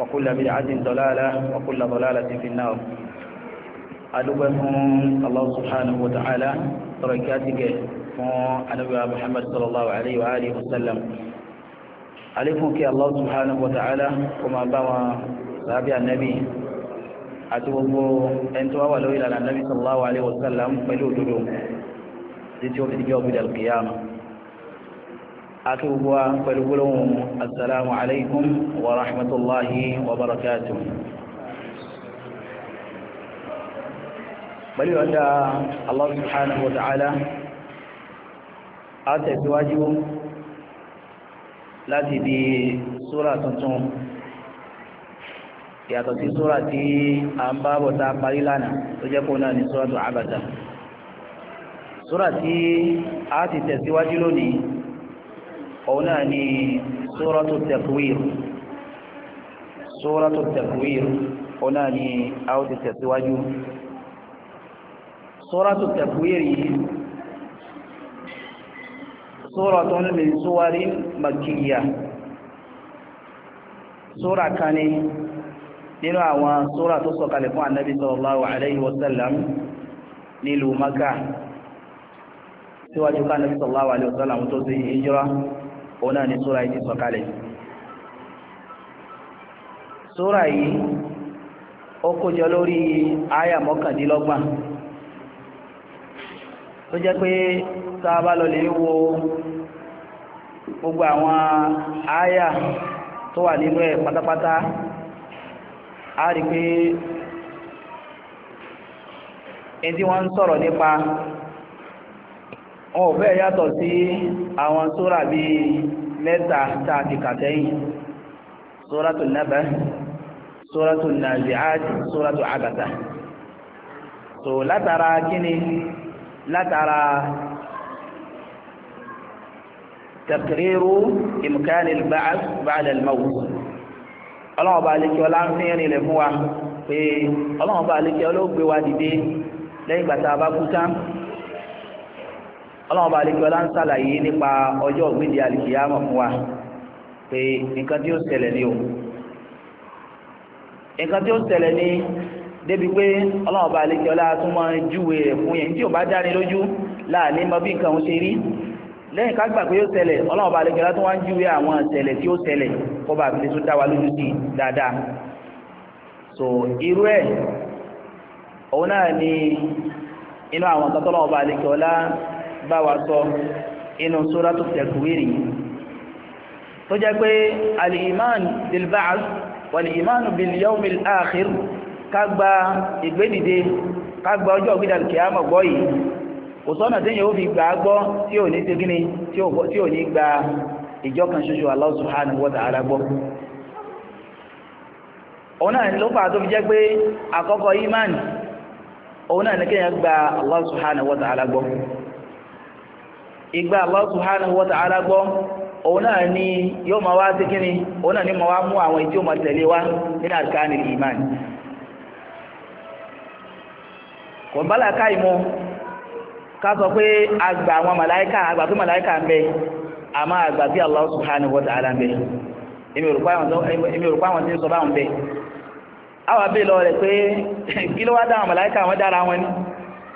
وكل بدعة ضلالة وكل ضلالة في النار أدوبكم الله سبحانه وتعالى تركاتك أنبي محمد صلى الله عليه وآله وسلم عليكم كي الله سبحانه وتعالى كما بوا صحابي النبي أتوبوا أنتوا ولو إلى النبي صلى الله عليه وسلم فلو تدوم لتوفي القيامة àti gbogbo wa pẹ̀lú gbólóhùn assalamu alaikum wa rahmatulahi wa barakatuh. pẹ̀lú ọ̀dá Allah subhanahu wa ta'ala a tẹ̀síwájú láti di súra tuntun yàtọ̀ sí súra tí a ń bá bọ̀ parí lánàá tó jẹ́ kó ní súra tó àbàtà súra tí a ti tẹ̀síwájú lónìí òun náà ni sóràtò tẹ̀kúwìr sóràtò tẹ̀kúwìr òun náà ni a ó ti tẹ̀síwájú sóràtò tẹ̀kúwìr yìí sóràtò ní sówárí màkìyà sóra kan ni nínú àwọn sóra tó sọ̀kalẹ̀ fún ànábì sallallahu alayhi wa sallam nílùú maka síwájú ká ànábì sallallahu alayhi wa sallam tó ti hijira. òun náà ni sóra yìí ti sọ̀kalẹ̀ sóra yìí ó kójọ lórí àyà mọ́kàndínlọ́gbọ̀n tó jẹ́ pé tá a bá lọ lè wo gbogbo àwọn àyà tó wà nínú ẹ̀ pátápátá a rí pé ẹni tí wọ́n wọn ò fẹ́ yàtọ̀ sí àwọn sóra bíi mẹ́ta tá a ti kà sẹ́yìn sóràtù nàbà sóràtù nàzi'at sóràtù àbàtà so látara kíni látara takiriru imkani ba'ath ba'da al-mawt ọlọ́wọ́n bá alẹ́ kí ọlá ń fi rìn fún wa pé ọlọ́wọ́n bá alẹ́ kí ọlọ́wọ́ gbé wa dìde lẹ́yìn gbàtà bá kú tán ọlọ́run bá alẹ́kẹ́ ọlá ń sàlàyé nípa ọjọ́ ògbédè àlìkìyàmọ̀ fún wa pé nǹkan tí ó ṣẹlẹ̀ ní o nǹkan tí ó ṣẹlẹ̀ ní débi pé ọlọ́run bá alẹ́kẹ́ ọlá tún máa júwe rẹ̀ fún yẹn tí ò bá dáni lójú láàní mọ bí nǹkan ń ṣe rí lẹ́yìn ká gbà pé ó ṣẹlẹ̀ ọlọ́run bá alẹ́kẹ́ ọlá tún wá ń júwe àwọn ṣẹlẹ̀ tí ó ṣẹlẹ̀ kó bá abilé tó dá wa lójú sí dáadáa so irú ẹ̀ òun náà ni inú àwọn tọ́tọ́lọ́wọ́ bá alẹ́kẹ́ ọlá bá wa sọ inú suratu Takwir tó jẹ́ pé al-iman bil ba'th wal-iman bil yawm al-akhir kágbà ìgbédìde kágbà ọjọ́ ògbìdà kìámọ̀ gbọ́ yìí kò sọ́nà tí yóò fi gbà á tí ò ní tegini tí ò ní gba ìjọ kan ṣoṣo Allah subhanahu wa ta'ala gbọ́ òun náà ló fà tó fi jẹ́ pé àkọ́kọ́ iman òun náà ní kéèyàn ìgbà Allah ha wa ta'ala gbọ́ òun náà ni yóò máa wá sí òun náà ni máa wá mú àwọn ìtí ó máa tẹ̀lé wá nínú àrkánì ìmáànì kò ń bálà káì mu ká sọ pé àgbà àwọn màláìkà àgbà pé màláìkà ń bẹ àmọ́ àgbà bí ta'ala ń bẹ èmi òrùkọ àwọn tí ń sọ bẹ àwọn abẹ́ lọ rẹ̀ pé kí ló wá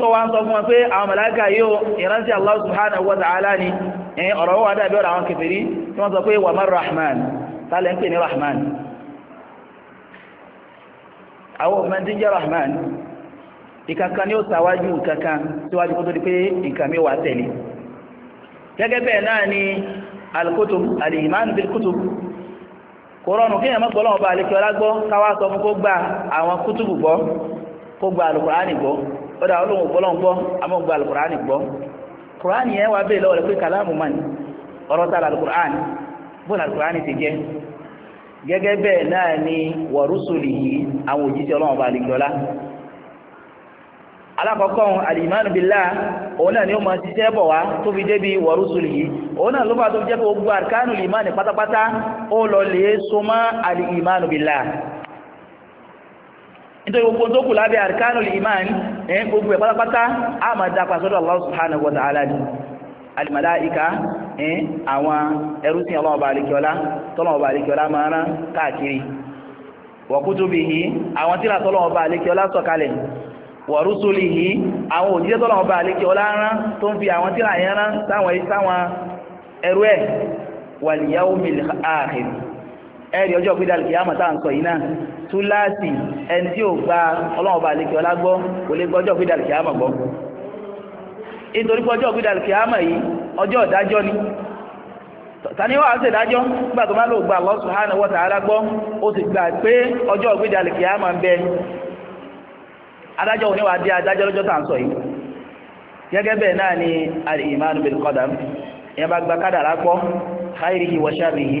tó wá ń sọ fún wa pé àwọn màláíkà yóò ìrántí Allah subhanahu wa ta'ala ni ẹ̀yìn ọ̀rọ̀ wà dàbí ọ̀rọ̀ àwọn kèfèrí tí wọ́n sọ pé wà má rahman tálẹ̀ ń pè ní rahman àwọn òmìnir tí ń jẹ́ rahman ìkankan ni ó sàwájú kankan kí èèyàn mọ́gbọ́lọ́wọ́ bá àlekẹ́ ọlágbọ́ káwá sọ fún kó gba àwọn kútùbù kó gba al gbọ́ ọ̀dà ọlọ́run gbọ́lọ́n gbọ́ amóhùngbà alukur'ani gbọ́ kur'ani yẹn wá bẹ́ẹ̀ lọ́wọ́ rẹ̀ pé kàlámù mani ọ̀rọ̀ tá alukur'ani bóun alukur'ani ti jẹ́ gẹ́gẹ́ bẹ́ẹ̀ náà ni wọ̀rúsùlì yìí àwọn òjíṣẹ́ ọlọ́run ọba billah òun ni ó máa ṣiṣẹ́ bọ̀ wá tó fi débi wọ̀rúsùlì yìí òun náà ló máa tó fi jẹ́ pé gbogbo àrkánù lè so billah nítorí gbogbo tó kù lábẹ́ àríkánù ìmán ẹ̀yìn gbogbo ẹ̀ pátápátá a máa dá pasọ́dọ̀ Allah subhanahu wa ta'ala ni alìmàláìka ẹ̀yìn àwọn ẹrúsìn ọlọ́ọ̀bà àríkíọlá tọ́lọ́ọ̀bà àríkíọlá máa rán káàkiri wa kutubihi àwọn tíra tọ́lọ́ọ̀bà àríkíọlá sọ̀kalẹ̀ wa rusulihi àwọn òjíṣẹ́ tọ́lọ́ọ̀bà àríkíọlá rán tó ń fi àwọn tíra yẹn rán sáwọn ẹrú ẹ̀ ẹ̀rí ọjọ́ pé dàlùkì yàmọ̀ tá à ń sọ yìí náà túláàsì ẹni tí ò gba ọlọ́run bá lèkì ọlá gbọ́ kò lè gbọ́jọ́ pé dàlùkì yàmọ̀ gbọ́ nítorí pé ọjọ́ pé dàlùkì yàmọ̀ yìí ọjọ́ ìdájọ́ ni tani wàá ṣe dájọ́ nígbà tó má lò gba Allah subhanahu wa ta'ala gbọ́ ó ti gbà pé ọjọ́ pé dàlùkì yàmọ̀ ń bẹ adájọ́ òní wàá di adájọ́ lọ́jọ́ tá ń sọ yìí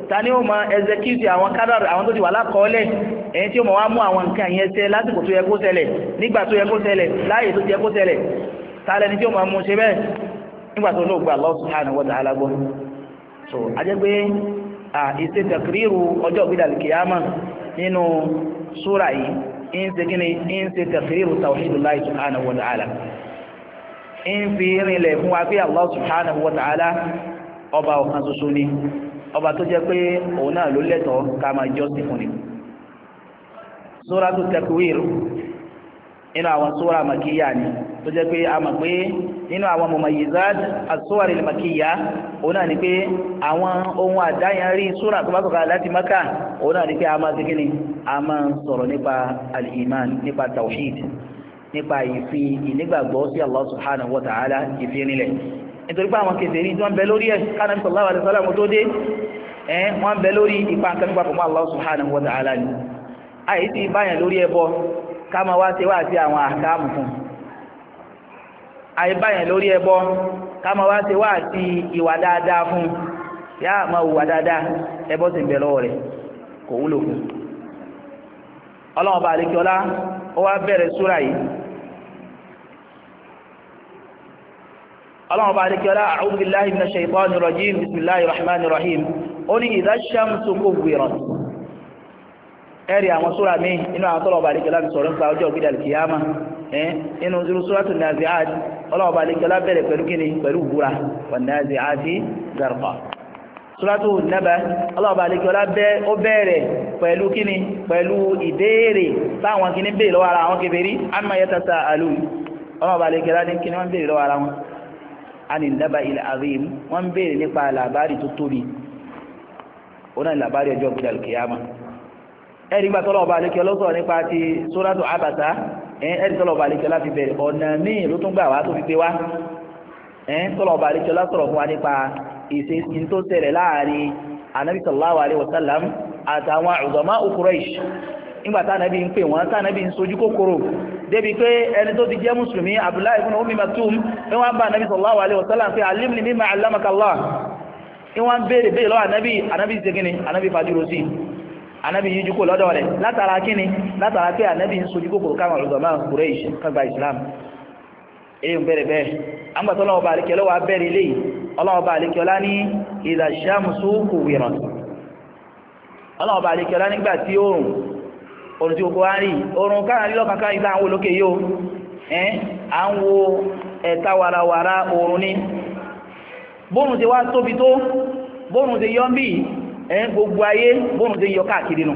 ta ni ó máa execute àwọn kádàrà àwọn tó ti wà lákọọ́lẹ̀ ẹni tí ó máa wá mú àwọn nǹkan yẹn ṣẹ lásìkò tó yẹ kó ṣẹlẹ̀ nígbà tó yẹ kó ṣẹlẹ̀ láàyè tó yẹ kó ṣẹlẹ̀ ta lẹni o ó máa mú ṣe bẹ́ẹ̀ nígbà tó lóògbé Allah subhanahu wa ta'ala gbọ́ so ajẹ́ pé à a tẹ̀kìrìrù ọjọ́ ògbé dàlùkì yámà nínú súra yìí ń ṣe kí ni ń ṣe tẹ̀kìrìrù tawhidullahi subhanahu wa ta'ala ń fi rinlẹ̀ fún wa pé Allah subhanahu wa ta'ala oba ọ̀kan ṣoṣo ni ọba tó jẹ́ pé òun náà ló lẹ́tọ̀ọ́ ká máa jọ́sìn fún ni sóràtú takwir inú àwọn sóra màkìyà ni tó jẹ́ pé a mọ̀ pé nínú àwọn mumayizat as-suwar al òun náà ni pé àwọn ohun àdáyanrí sóra tó bá sọ̀kà láti maka òun náà ni pé a máa ti kíni a máa sọ̀rọ̀ nípa al-iman nípa tawhid nípa ìfi ìnígbàgbọ́ sí Allah subhanahu wa ta'ala ìfi nílẹ̀ nítorí pé àwọn kèfèrí tí wọ́n bẹ lórí ẹ̀ kánà bí sallallahu alaihi wasallam tó dé ẹ̀ wọ́n bẹ lórí ipa nǹkan nípa Allah subhanahu wa àyè ti báyàn lórí ẹbọ ká wá ṣe wá sí àwọn àkáàmù fún àyè báyàn lórí ẹbọ ká wá ṣe wá sí ìwà dáadáa fún yá dáadáa ẹbọ sì ń bẹ lọ́wọ́ kò wúlò fún bá ọlá ó wá bẹ̀rẹ̀ súrà yìí اللهم بارك ولا أعوذ بالله من الشيطان الرجيم بسم الله الرحمن الرحيم قل إذا الشمس كورت ẹ̀rí àwọn súra mi inú àwọn tọ́lọ̀ ọba àdékẹ́lá mi sọ̀rọ̀ nípa ọjọ́ ògbìdà kìyàmá ẹ̀ inú irú súra tó nàzí àdì ọlọ́ọ̀ba àdékẹ́lá bẹ̀rẹ̀ pẹ̀lú kíni pẹ̀lú wúra wà nàzí àdì gàrùpà súra tó nàbà ọlọ́ọ̀ba àdékẹ́lá ó bẹ̀rẹ̀ pẹ̀lú kíni pẹ̀lú ìbéèrè táwọn kíní béèrè lọ́wọ́ ara àwọn kèfèrí àmà yẹtata àlùm ọlọ́ọ̀ba àdékẹ́lá ní kíní wọ́n béèrè lọ́wọ́ ara wọn anìlába ilẹ̀ azim wọ́n ń béèrè nípa làbárì tó tóbi ó náà làbárì ọjọ́ gbọdọ̀ kìyàmà ẹ̀rí gbà tọ́lọ̀ ọba àlekẹ́ ọlọ́sọ̀rọ̀ nípa ti sóràtò àbàtà ẹ̀rí tọ́lọ̀ ọba àlekẹ́ láti bẹ̀rẹ̀ ọ̀nà míì nígbà tánàbí ń pè wọ́n tánàbí ń sojú kòkòrò débi pé ẹni tó ti jẹ́ mùsùlùmí Abdullahi ibn Ummi Maktum ní wọ́n bá nàbí sallallahu alaihi wasallam fi alimni mimma allamaka Allah ní wọ́n béèrè béèrè lọ́wọ́ ànábì ànábì zegini ànábì fàdúró sí ànábì yíjú kò lọ́dọ̀ rẹ̀ látara kíni látara pé ànábì ń sojú kòkòrò káwọn ọ̀dọ̀má Quraysh Islam èyí ń bẹ̀rẹ̀ bẹ́ẹ̀ àgbàtọ́ ọlọ́wọ́ bá àríkẹ́ lọ́wọ́ abẹ́rẹ́ ilé ọlọ́wọ́ bá àríkẹ́ ọlá ní idha shamsu kuwirat ọlọ́wọ́ nígbà tí oòrùn òrùn tí gbogbo wa rí òrùn káàrínlọ́kankan ìta àwọn olókè yóò ẹ́ à ń wo ẹ̀ta wàràwàrà ni bóòrùn ti wá tóbi tó bóòrùn ti yọ ń gbogbo ayé bóòrùn yọ káàkiri nù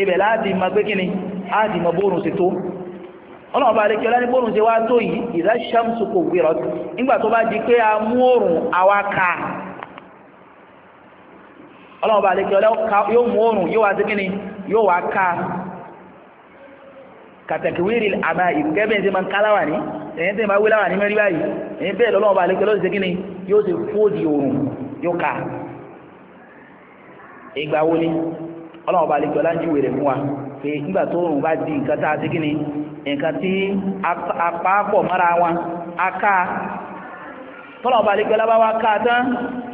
ibẹ̀ láti mọ pé kíni láti mọ bóòrùn ti tó ọlọ́run bá ọla ọlá ní bóòrùn ti wá tó yìí ìdá ṣàmùsù kò gbèrọ nígbà tó bá di pé a mú àwa ka ọlọ́run bá kàtàkìwérì àbá ìkẹ́bẹ̀ ṣe máa ń káláwà ní ẹ̀yìn tẹ́ máa wéláwà ní mẹ́rin báyìí ẹ̀yìn bẹ́ẹ̀ lọ́lọ́wọ́ bá lẹ́kẹ́ lọ́sẹ̀ kí ni yóò ṣe fóòdì òòrùn yóò ká ìgbà wo ni ọlọ́wọ́ bá lẹ́kẹ́ ọlá ń júwèé rẹ̀ fún wa pé nígbà tó òòrùn bá di nǹkan tá a ṣe kí nǹkan tí apápọ̀ mọ́ra wa a ká tọ́lọ̀ bá lẹ́kẹ́ lábá wa ká tán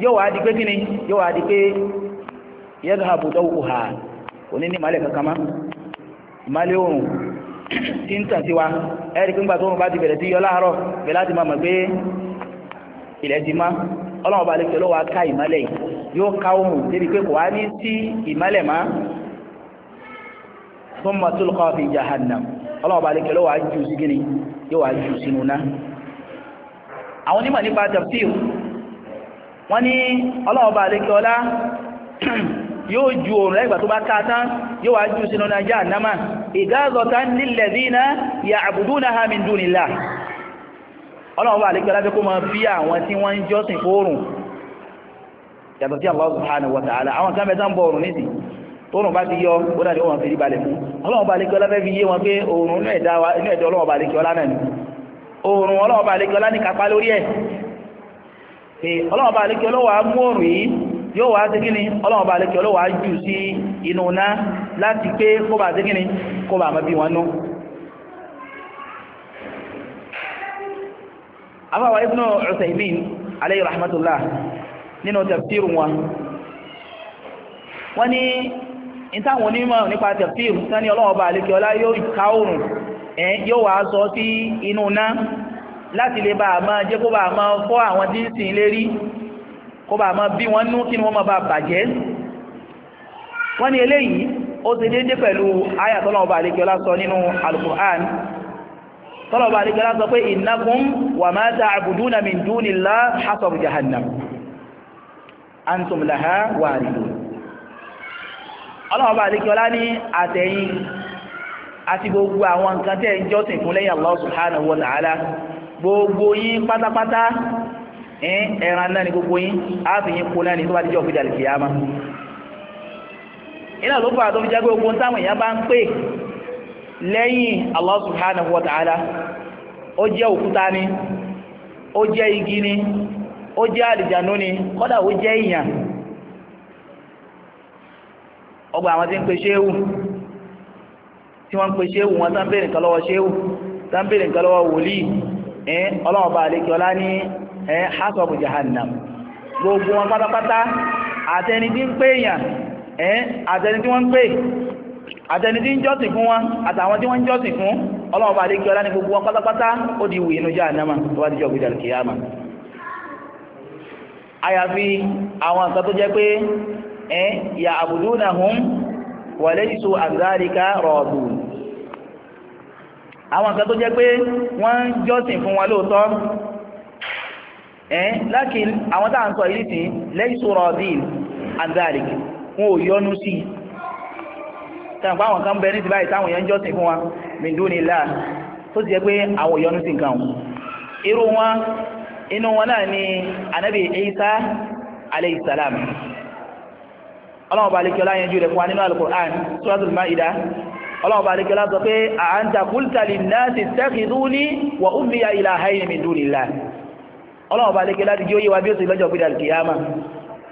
yóò wá di pé kí ni yóò wá di pé yẹ́gàbùdọ́wò hà kò ní ní ìmálẹ̀ kankan tí ń tàn sí wa ẹ̀rí pé ńgbà tó wọn bá ti bẹ̀rẹ̀ sí yọ láàárọ̀ bẹ̀rẹ̀ láti máa mọ̀ pé ilẹ̀ ti má ọlọ́run bá ni si ọlọ́wọ́ ma. yìí yóò ká ohun débi pé kò wá ní sí má tó lọ́kọ́ fi jahannam ọlọ́run bá lè fi ọlọ́wọ́ sí gíní yóò wá sínú ná àwọn onímọ̀ nípa wọ́n ní ọlọ́run yóò ju òòrùn lẹ́gbà tó bá ká tán yóò wá jù sínú náà jahannama ìdáàzọ̀tán lilladhina ya'budunaha min dunillah ọlọ́run bá àlékẹ́ lábẹ́ kó máa fi àwọn tí wọ́n ń jọ́sìn fóòrùn yàtọ̀ sí àwọn kan bẹ tán bọ òòrùn nísì tóòrùn bá ti yọ ó dàbí wọn fèrè balẹ̀ fún ọlọ́run bá fi yé wọn pé òòrùn inú ẹ̀dá ọlọ́run bá àlékẹ́ ọlá náà ni yóò wá sí gíní ọlọ́run bá lékẹ́ olówà jù sí inú náà láti pé kó bá sí gíní kó bá mọ́ bí wọn nú afáwà Ibn Uthaymin alayhi rahmatullah nínú tafsir wọn wọ́n ní ìtàwọn onímọ̀ nípa tafsir a kó bá máa bí wọn nú kí ni wọ́n máa bá bàjẹ́ wọ́n ní eléyìí ó ti déédé pẹ̀lú àyà tọ́lọ́ọ̀bà àlekẹ́lá sọ nínú alukur'an tọ́lọ́ọ̀bà àlekẹ́lá sọ pé innakum wa ma ta'buduna min dunillah hasabu jahannam antum laha waridun ọlọ́ọ̀bà àlekẹ́lá ní àtẹ̀yìn àti gbogbo àwọn nǹkan tẹ́ jọ́sìn fún lẹ́yìn Allah subhanahu wa ta'ala gbogbo yín pátápátá ẹran náà ni gbogbo yín á fi yín kó náà ni tó bá ti jẹ́ òfin dàlẹ́ kìyàmá iná ló fà tó fi jágbé ogun táwọn èèyàn bá ń pè lẹ́yìn Allah subhanahu wa ta'ala ó jẹ́ òkúta ni ó jẹ́ igi ni ó jẹ́ àlìjànú ni kọ́dà ó jẹ́ èèyàn ọgbà àwọn tí ń pe ṣéwù tí wọ́n ń pe ṣéwù wọn tán bèèrè nǹkan lọ́wọ́ ṣéwù tán bèèrè nǹkan lọ́wọ́ wòlíì ẹ̀ ọlọ́wọ́ bá àlékè ọlá ní ẹ hasọ̀bù jahannam gbogbo wọn pátápátá àtẹni tí ń pè èèyàn ẹ àtẹni tí wọ́n ń pè àtẹni tí ń jọ́sìn fún wọn àtàwọn tí wọ́n ń jọ́sìn fún ọlọ́ọ̀bá adékí ọlá ní gbogbo wọn pátápátá ó di ìwé inú jahannama tó bá ti jọ gbéjà kìyàmà àyàfi àwọn tó pé ẹ yà àbùdúnahum wa laysu àgbáríkà rọ̀ọ̀dùn àwọn tó pé ń jọ́sìn fún wọn lóòótọ́ ẹ́ eh, lákìn àwọn táà ń sọ yìí tí lẹ́yìnṣó rọ̀bìn azalik wọn ò yọnu sí i tẹ̀wọ̀n pa àwọn kan bẹ ní ti báyìí táwọn èèyàn jọ́sìn fún wa mindunila tó ti jẹ́ pé àwọn yọnu sí nǹkan wọn irú wọn inú wọn náà ni anabi isa alayhi salam ọlọ́run bá alékiọlá yẹn jù rẹ̀ fún wa nínú alukur'an suratul ma'ida ọlọ́run bá alékiọlá sọ pé a'anta qulta linnasi ittakhiduni wa ummiya ilahaini mindunila ọlọ́wọ́ bá léke láti jí ó yé wa bí ó sì lọ́jọ́ pé dàlùkìyàmà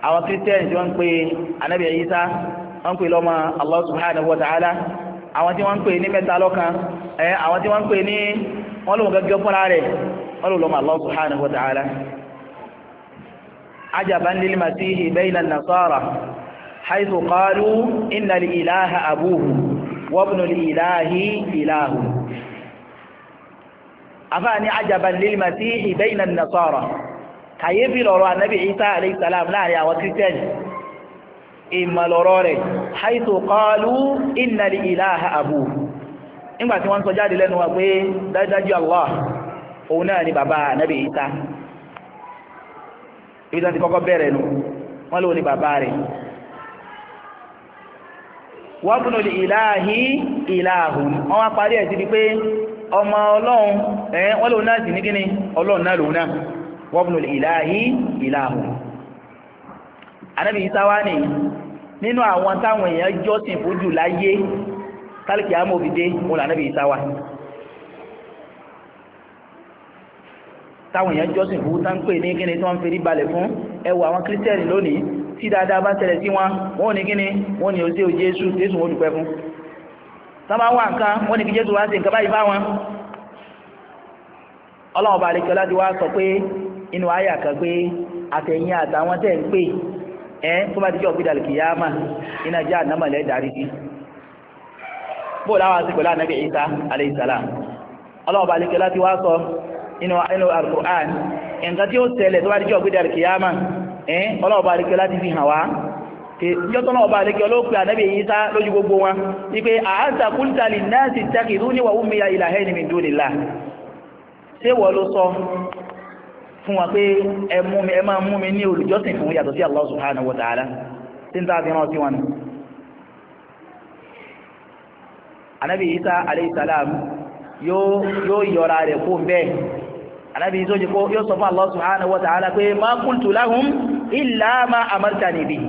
àwọn christian tí wọ́n ń pè anabi Isa wọ́n ń pè lọ́mọ Allah subhanahu wa ta'ala àwọn tí wọ́n ń pè ní mẹ́ta lọ́kan ẹ àwọn tí wọ́n ń pè ní wọ́n lòun gẹ́gẹ́ fúnra rẹ̀ wọ́n lò lọ́mọ Allah subhanahu wa ta'ala. ajaban lil masihi bayna nasara haythu qalu inna li ilaha abuhu wa li ilahi ilahu afáàní ajaban lil masihi bayna nasara kàyéfì lọ́rọ̀ anabi isa alayhi salam láàrin àwọn christian ìmọ̀lọ́rọ̀ rẹ̀ haitu qalu inna li ilaha abu nígbà tí wọ́n sọ jáde lẹ́nu wa pé dájúdájú allah òun náà ni bàbá anabi isa ibi tí wọ́n ti kọ́kọ́ bẹ̀rẹ̀ nu wọ́n lò ní bàbá rẹ̀ wabnul ilahi ilahun wọ́n wá parí ẹ̀ síbi ọmọ ọlọ́run ẹ̀ wọ́n lòun náà sì ní kíni ọlọ́run náà lòun náà wọ́pùnù ìlàhí ìlàhù anábì ìsáwá ni nínú àwọn táwọn èèyàn jọ́sìn fojú láyé kálíkì amófìdé wọn là anábì ìsáwá táwọn èèyàn jọ́sìn fún táńpé ní kíni tí wọ́n ń fi rí balẹ̀ fún ẹwà àwọn kírísítẹ́nì lónìí tí dáadáa bá tẹ̀lẹ̀ sí wọn wọn ò ní kíni wọn ò ní o jésù jésù wọn ò dúpẹ́ fún sábà wà nǹkan wọ́n ní kí jésù wá sí nǹkan báyìí ọlọ́run ọba àlejò ti wá sọ pé inú àyà kan pé àtẹ̀yìn àtàwọn tẹ̀ ń pè ẹ́ tó bá ti jẹ́ òbí dàlùkì yá mà iná jẹ́ ànámọ̀lẹ́ bó láwọn àti pẹ̀lú ànábì ọlọ́run ọba àlejò wá sọ inú inú nǹkan tí ó ti jẹ́ dàlùkì yá mà ẹ́ ọlọ́run ìjọ́tọ́nà ọba àdékẹ́ olóòpin ànábì Ìsá lójú gbogbo wọn wípé àánsà qulta linnasi ittaqiduni wa ummiya ilahaini min dunillah ṣé wọ́n ló sọ fún wa pé ẹ mú mi ẹ máa mú mi ní olùjọ́sìn fún yàtọ̀ sí Allah subhanahu wa ta'ala tí ń tàbí ràn sí wọn ànábì Ìsá alayhi salam yóò yọra rẹ̀ fún bẹ́ẹ̀ alábi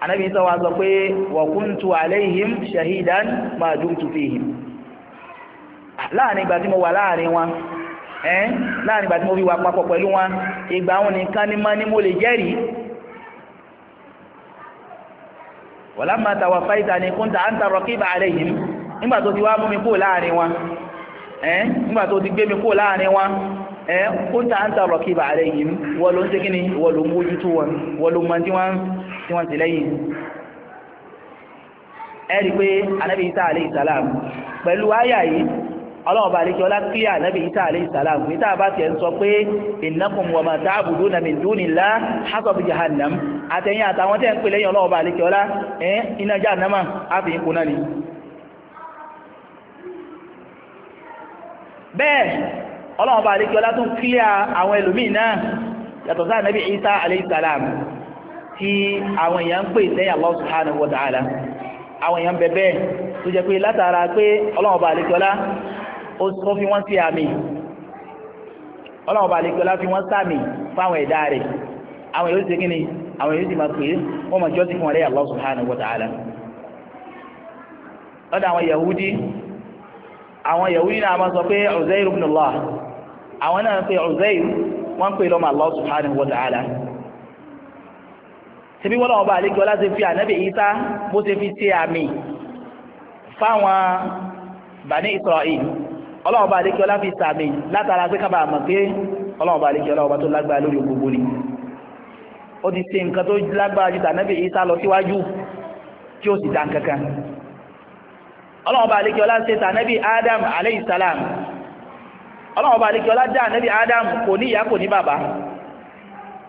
anábì Ìsá wá sọ pé wa kuntu alayhim shahidan ma dumtu fihim láàrin ìgbà tí mo wà láàrin wọn ẹ́ láàrin ìgbà tí mo fi wà papọ̀ pẹ̀lú wọn ìgbà wọn nìkan ni mọ́ ni mo lè jẹ́rìí walamma tawaffaytani kunta anta raqiba alayhim nígbà tó ti wá mú mi kúrò láàrin wọn ẹ́ nígbà tó ti gbé mi kúrò láàrin wọn ẹ́ kunta anta raqiba alayhim wọ́n ló ń ṣe ni wọ́n ló ń mójútó wọn wọ́n ló ń mọ tí wọ́n tí wọ́n ti lẹ́yìn ẹ̀rí pé anábì isa alayhi salam pẹ̀lú àyà yìí ọlọ́run bá lékè ọlá kílíà anábì isa alayhi salam níta bá tiẹ̀ ń sọ pé innakum wa ma ta'buduna min dunillah hasab jahannam àtẹ̀yìn àtàwọn tẹ̀ ń pè lẹ́yìn ọlọ́run bá lékè ọlá ẹ̀ iná jahannama á fi ń kuná ni. bẹ́ẹ̀ ọlọ́run bá lékè ọlá tún kílíà àwọn ẹlòmíì náà yàtọ̀ sáà anábì isa alayhi salam tí àwọn èèyàn ń pè sẹ́yìn Allah subhanahu wa ta'ala àwọn èèyàn bẹ̀bẹ̀ tó jẹ́ pé látara pé ọlọ́run bá àlekọ́lá ó fi wọ́n sí àmì ọlọ́run bá àlekọ́lá fi wọ́n sàmì fáwọn ẹ̀dá rẹ̀ àwọn èèyàn ti kíni àwọn èèyàn ti máa pè é wọ́n máa jọ́sìn fún ọ̀rẹ́ Allah subhanahu wa ta'ala lọ́dọ̀ àwọn Yahudi àwọn Yahudi náà máa sọ pé Uzair ibn Allah àwọn náà ń pè Uzair wọ́n pè lọ́mọ Allah subhanahu wa ta'ala ṣebí wọ́n lọ́wọ́ bá àlejò láti fi ànábì Ìsá bó ṣe fi ṣe àmì fáwọn bani Israel ọlọ́wọ́ bá àlejò láti fi ṣàmì látara pé kábàá mọ̀ pé ọlọ́wọ́ bá àlejò ọlọ́wọ́ bá tó lágbára lórí gbogbo ni ó ti ṣe nǹkan tó lágbára ju tànábì Ìsá lọ síwájú tí ó sì dá kankan ọlọ́wọ́ bá àlejò láti ṣe tànábì Adam aleyhisalaam ọlọ́wọ́ bá àlejò láti dá ànábì Adam kò ní ìyá kò ní bàbá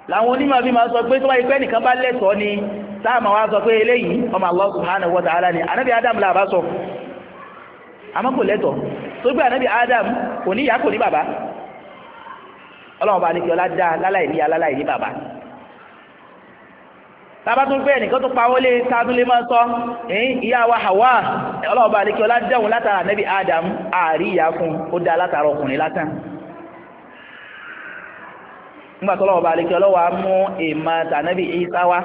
làwọn onímọ̀ bí máa sọ pé tó bá ipẹ́ nìkan bá lẹ́tọ̀ọ́ ni táàmà wá sọ pé eléyìí ọmọ Allah subhanahu wa ta'ala ni anábì Adam là bá sọ àmọ́ kò lẹ́tọ̀ọ́ tó gbé anábì Adam kò ní ìyá kò ní bàbá ọlọ́run bá ní kí ọlá dá láláì ní aláláì ní bàbá tábà tún gbé ẹnìkan tó pawọ́ lé tábí lè máa sọ ẹ̀yìn ìyá wa Hawa ọlọ́run bá ní kí ọlá dẹ́hùn látara anábì Adam àárí ìyá fún ó dá látara ọkùnrin látàn nígbà tó lọ́wọ́ bá alẹ́ ọlọ́wọ́ mú ìmọ̀ tànàbí Ìsá wá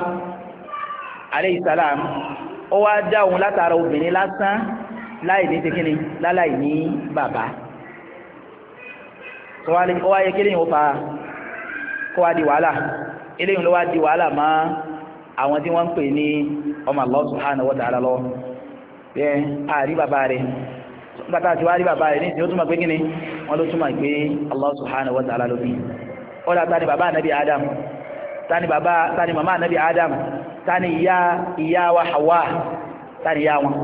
ó wá dá òun látara obìnrin lásán láì ní tẹkínni láláì ní bàbá tó wá yẹ kí lẹ́yìn ó fa kó wá di wàhálà eléyìí ló wá di wàhálà mọ́ àwọn tí wọ́n ń pè ní ọmọ Allah subhanahu wa ta'ala lọ bẹ́ẹ̀ àrí bàbá rẹ̀ nígbà tá a ti rí bàbá rẹ̀ ní ìsìn ó túmọ̀ pé kí ni wọ́n ló túmọ̀ pé Allah subhanahu wa ta'ala ló ọ̀dà ta ni bàbá anabi adam ta ni bàbá ta ni màmá anabi adam ta ni ìyá ìyá wa hawa ta ni ìyá wọn.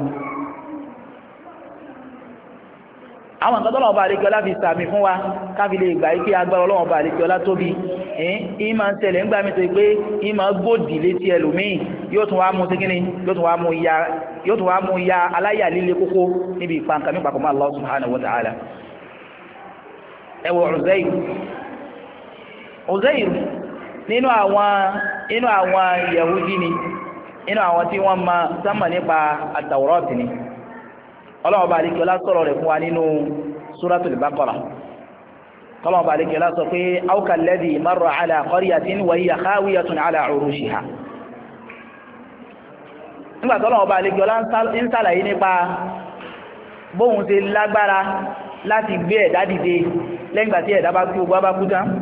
àwọn nǹkan tọ́lọ́wọ́ bá àlejò ọlá fi sàmì fún wa káfí lè gbà pé agbára ọlọ́wọ́ bá àlejò ọlá tóbi ìyín máa ń tẹ̀lé ńgbà mi tó pé ìyín máa gbòdì létí ẹlòmíì yóò tún wá mú ya aláyà líle kókó níbi ìpankan nípa kọ́mọ́ Allah Uzair nínú àwọn nínú àwọn Yahudi ni nínú àwọn tí wọ́n ma sámà nípa àtàwọ̀rọ̀tì ni ọlọ́wọ́ bá alékẹ́ lásọ̀rọ̀ rẹ̀ fún wa nínú Suratul Baqara kọlọ́wọ́ bá alékẹ́ lásọ pé aw kalladhi marra ala qaryatin wa hiya khawiyatun ala urushiha nígbà tọ́lọ́wọ́ bá alékẹ́ ń sàlàyé nípa lágbára láti gbé ẹ̀dá dìde lẹ́yìn ẹ̀dá bá kú gbọ́ bá kú tán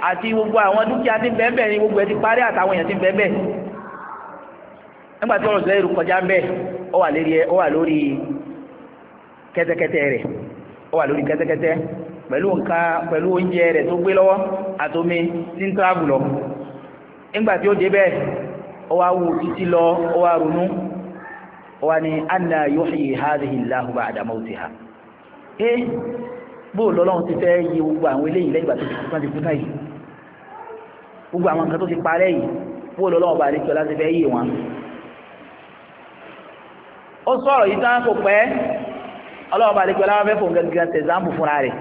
àti gbogbo àwọn dúkìá tí ń bẹ́ẹ̀ ni gbogbo ẹ̀ ti parí àtàwọn èèyàn tí ń bẹ́ẹ̀ bẹ́ẹ̀ nígbà tí ọ̀rọ̀ zẹ́rù kọjá ń bẹ̀ ọ wà lórí ọ kẹ́tẹ́kẹ́tẹ́ rẹ̀ ọ wà lórí kẹ́tẹ́kẹ́tẹ́ pẹ̀lú nǹkan pẹ̀lú oúnjẹ rẹ̀ tó gbé lọ́wọ́ àtomi tí ń tíráàbù lọ nígbà ó dé bẹ́ẹ̀ ọ wá wù títí lọ wá ronú wá ní anna gbogbo àwọn eléyìí lẹ́yìn tó ti gbogbo àwọn nǹkan tó ti parẹ́ yìí fún olólọ́wọ́ bá àdéjọ́ láti fẹ́ yé wọn. ó sọ̀rọ̀ yìí tán kò pẹ́ ọlọ́wọ́ bá àdéjọ́ láwọn fẹ́ fòun gẹ́gẹ́ fúnra rẹ̀ ní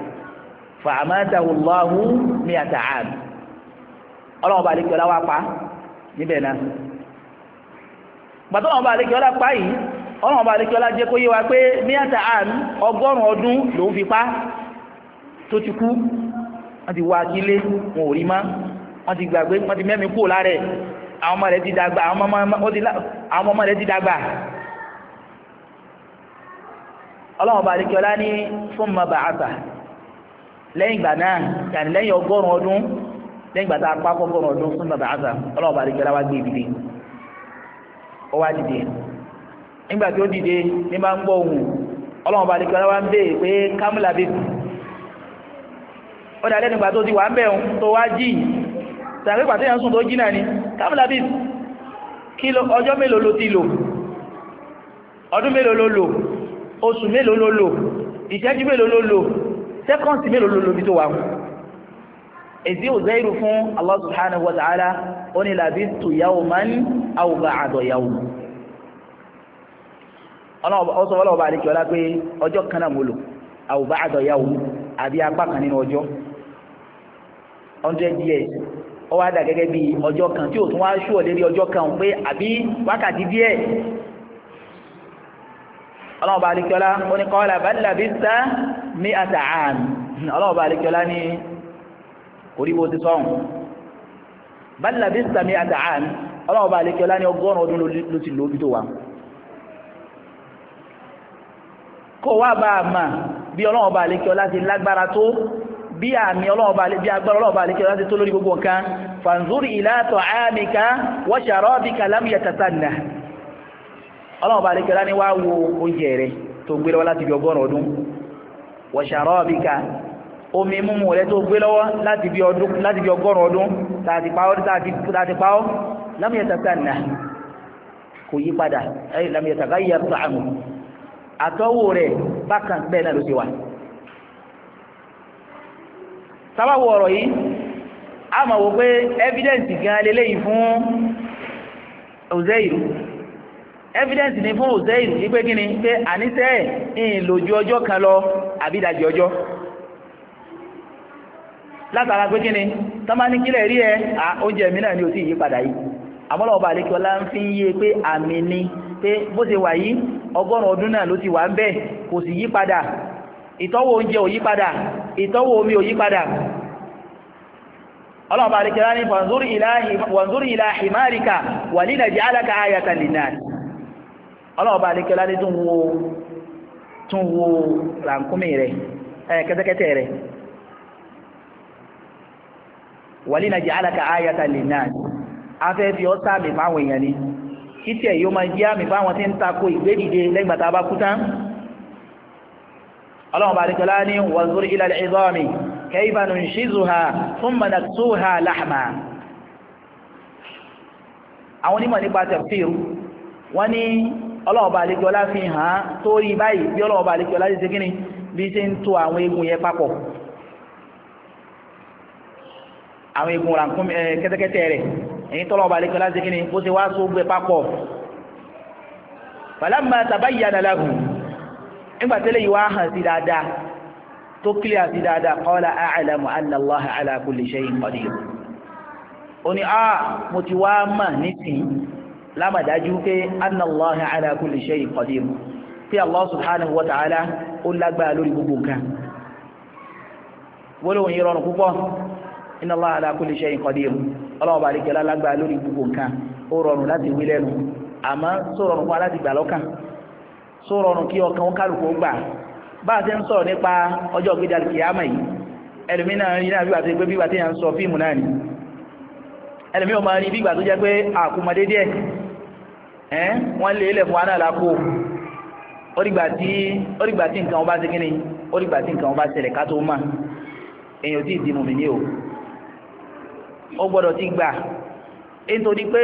ọlọ́wọ́ bá láwọn apá níbẹ̀ náà. gbàtọ́ wa pé ní ọgọ́rùn-ún ọdún lòún fi pa tó ti kú wá akílé wọ́n ti gbàgbé wọ́n ti mẹ́mi kúrò àwọn ọmọ rẹ̀ ti dàgbà àwọn ọmọ rẹ̀ ti dàgbà ọlọ́run bá dikẹ́ ọlá ní fún lẹ́yìn ìgbà náà lẹ́yìn ọgọ́rùn ọdún lẹ́yìn ìgbà tá a gbé wá dìde nígbà tí ó dìde ní máa ń gbọ́ ọlọ́run bá dikẹ́ ọlá ń pé kámúlà tàbí pàtẹ́ yàn sùn tó jí náà ni kámìlà bí kí ọjọ́ mélòó ló ti lò ọdún mélòó ló lò oṣù mélòó ló lò ìṣẹ́jú mélòó ló lò sẹ́kọ́ǹsì mélòó ló lò bí tó wà fún èdè òzẹ́rù fún Allah subhanahu wa ta'ala ó ní labistu yawman aw ba'da 100 years ó wá dà gẹ́gẹ́ bí ọjọ́ kan tí ò tún wá ṣú ọ̀lẹ́rí ọjọ́ kan pé àbí wákàtí díẹ̀ ọlọ́ọ̀bá alikiola ó ní kọ́ọ́lá balẹ̀ àbí sá ní àtàán ọlọ́ọ̀bá alikiola ní oríbo ti sọ́hùn balẹ̀ àbí sá ní àtàán ọlọ́ọ̀bá alikiola ní ọgọ́rùn ọdún ló ti lóbi tó wa kó wá bá a mà bí ọlọ́ọ̀bá alikiola ti lágbára tó bí àmì ọlọ́ọ̀bá bí agbára ọlọ́ọ̀bá àlékẹ́ láti tó lórí gbogbo nǹkan fanzuri ila ta'amika wa sharabika lam yatasanna ọlọ́ọ̀bá àlékẹ́ láti wá wo oúnjẹ rẹ tó gbé lọ́wọ́ láti bí ọgọ́rùn ọdún wa sharabika omi mímu rẹ tó gbé lọ́wọ́ láti bí ọgọ́rùn ọdún tàti pawọ́ sábàwọ̀ ọ̀rọ̀ yìí a máa wò pé evidence gan leléyìí fún Uzairu evidence ni fún Uzairu yìí pé kí ni pé àníṣe ìyìn lójú ọjọ́ kan lọ àbí ìdajì ọjọ́ látara pé kí ni tọ́mọ́ ní kílẹ̀ rí ẹ oúnjẹ mi náà ni ò tí ì yí padà yìí àmọ́lọ́ ọba àlekí ọlá ń fi ń yé pé àmì ni pé bó ṣe wà yìí ọgọ́rùn-ún ọdún náà ló ti wà ń bẹ̀ kò sì yí padà ìtọ́wò oúnjẹ ò yípadà ìtọ́wò omi ò yípadà ọlọ́ọ̀bá àríkẹ́lá ní wàǹzúrí ìlà ìmáríkà wà nílẹ̀ jẹ́ aláka ayatan linnas ọlọ́ọ̀bá àríkẹ́lá ní tún wo ràǹkúmí rẹ̀ kẹ́tẹ́kẹ́tẹ́ rẹ̀ wà nílẹ̀ jẹ́ aláka ayatan linnas afẹ́ fi ọ́ sáàmì fáwọn èèyàn ni kí tí ẹ̀ yóò máa jẹ́ àmì fáwọn tí ń ọlọ́run bá dìkọ́lá ní wàzúrí ilẹ̀ ìzọ́mi kẹ́ìbánu ṣízuha fún mọ̀nàtúhà láhàmà àwọn onímọ̀ nípa tafsir wọ́n ní ọlọ́run bá dìkọ́lá fi hàn torí báyìí bí ọlọ́run bá dìkọ́lá ti kíni bí ṣe ń to àwọn eegun yẹn papọ̀ àwọn eegun rànkún kẹ́tẹ́kẹ́tẹ́ rẹ̀ èyí tọ́lọ́run nígbà tẹ́lẹ̀ yìí wá hàn sí dáadáa tó kílẹ̀ sí dáadáa qala a'lamu anna Allaha ala kulli shay'in qadir ó ní a ah, mo ti wá mà nísìn lámàdájú pé anna Allaha ala kulli shay'in qadir pé Allah subhanahu wa ta'ala yìí rọrùn púpọ̀ só rọrùn kí ọkàn kálukú gbà bá a ti ń sọ̀rọ̀ nípa ọjọ́ ògbéjà kìámà yìí ẹlòmí náà rí náà bí wàá ti pé bí wàá ti yàn sọ fíìmù náà ni ẹlòmí ọmọ rí bí ìgbà tó jẹ́ pé àkùmọ̀dé díẹ̀ ẹ́ wọ́n lé ilẹ̀ fún wa náà nǹkan ọba ti kíni orígbà nǹkan ọba ṣẹlẹ̀ ká tó mà èèyàn tí ì di mùmí o ó gbọ́dọ̀ ti gbà nítorí pé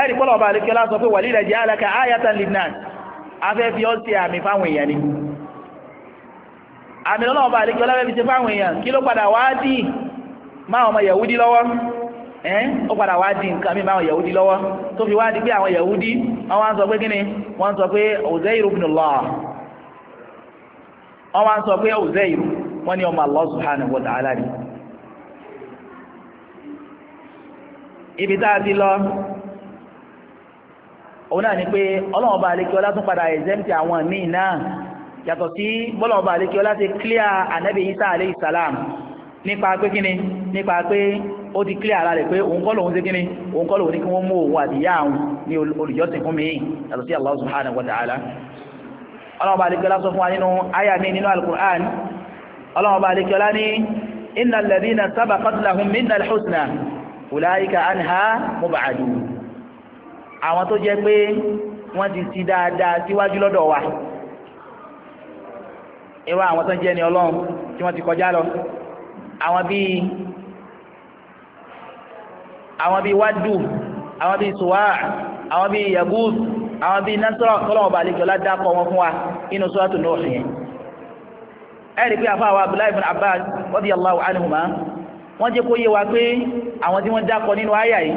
ẹ̀rì pọ́lọ̀ ọba àlekẹ́ lásọ pé wà lílẹ̀ jẹ́ alaka ayatan libnan afẹ́ fi ọ́ sí àmì fáwọn èèyàn ni àmì lọ́nà ọba àlekẹ́ ọlá fi ṣe fáwọn èèyàn kí ló padà wá dì máa ọmọ yahudi lọ́wọ́ ẹ́ ó padà wá dì nǹkan máa yahudi lọ́wọ́ tó fi wá di pé àwọn yahudi wọ́n sọ pé wọ́n sọ pé wọ́n sọ pé òun náà ni pé ọlọ́run bá àlékí ọlá tún padà exempt àwọn míì náà yàtọ̀ sí ti clear anabi isa aleyhi salam nípa pé kíni nípa pé ó ti clear ara rẹ̀ pé òun kọ́ lòun ṣe kíni òun kọ́ lòun ní kí wọ́n mú òun àwọn ní olùjọ́sìn fún mi yàtọ̀ sí allah subhanahu wa ta'ala ọlọ́run bá sọ fún wa nínú mi nínú alukur'an ọlọ́run bá àlékí ọlá minna al-husna anha àwọn tó jẹ́ pé wọ́n ti ti dáadáa síwájú lọ́dọ̀ wa irú àwọn tó ń jẹ́ ni ọlọ́run tí wọ́n ti kọjá lọ àwọn bíi àwọn bíi wádù àwọn bíi suwa àwọn bíi yaguz àwọn bíi nasra tọ́lọ́wọ́n bá àlejò ládàkọ̀ wọn fún wa inú suratu Nuh yẹn ẹ̀rí pé àfa àwọn Abdullahi ibn Abbas radiyallahu anhuma wọ́n jẹ́ kó yé wa pé àwọn tí wọ́n dákọ̀ nínú àyà yìí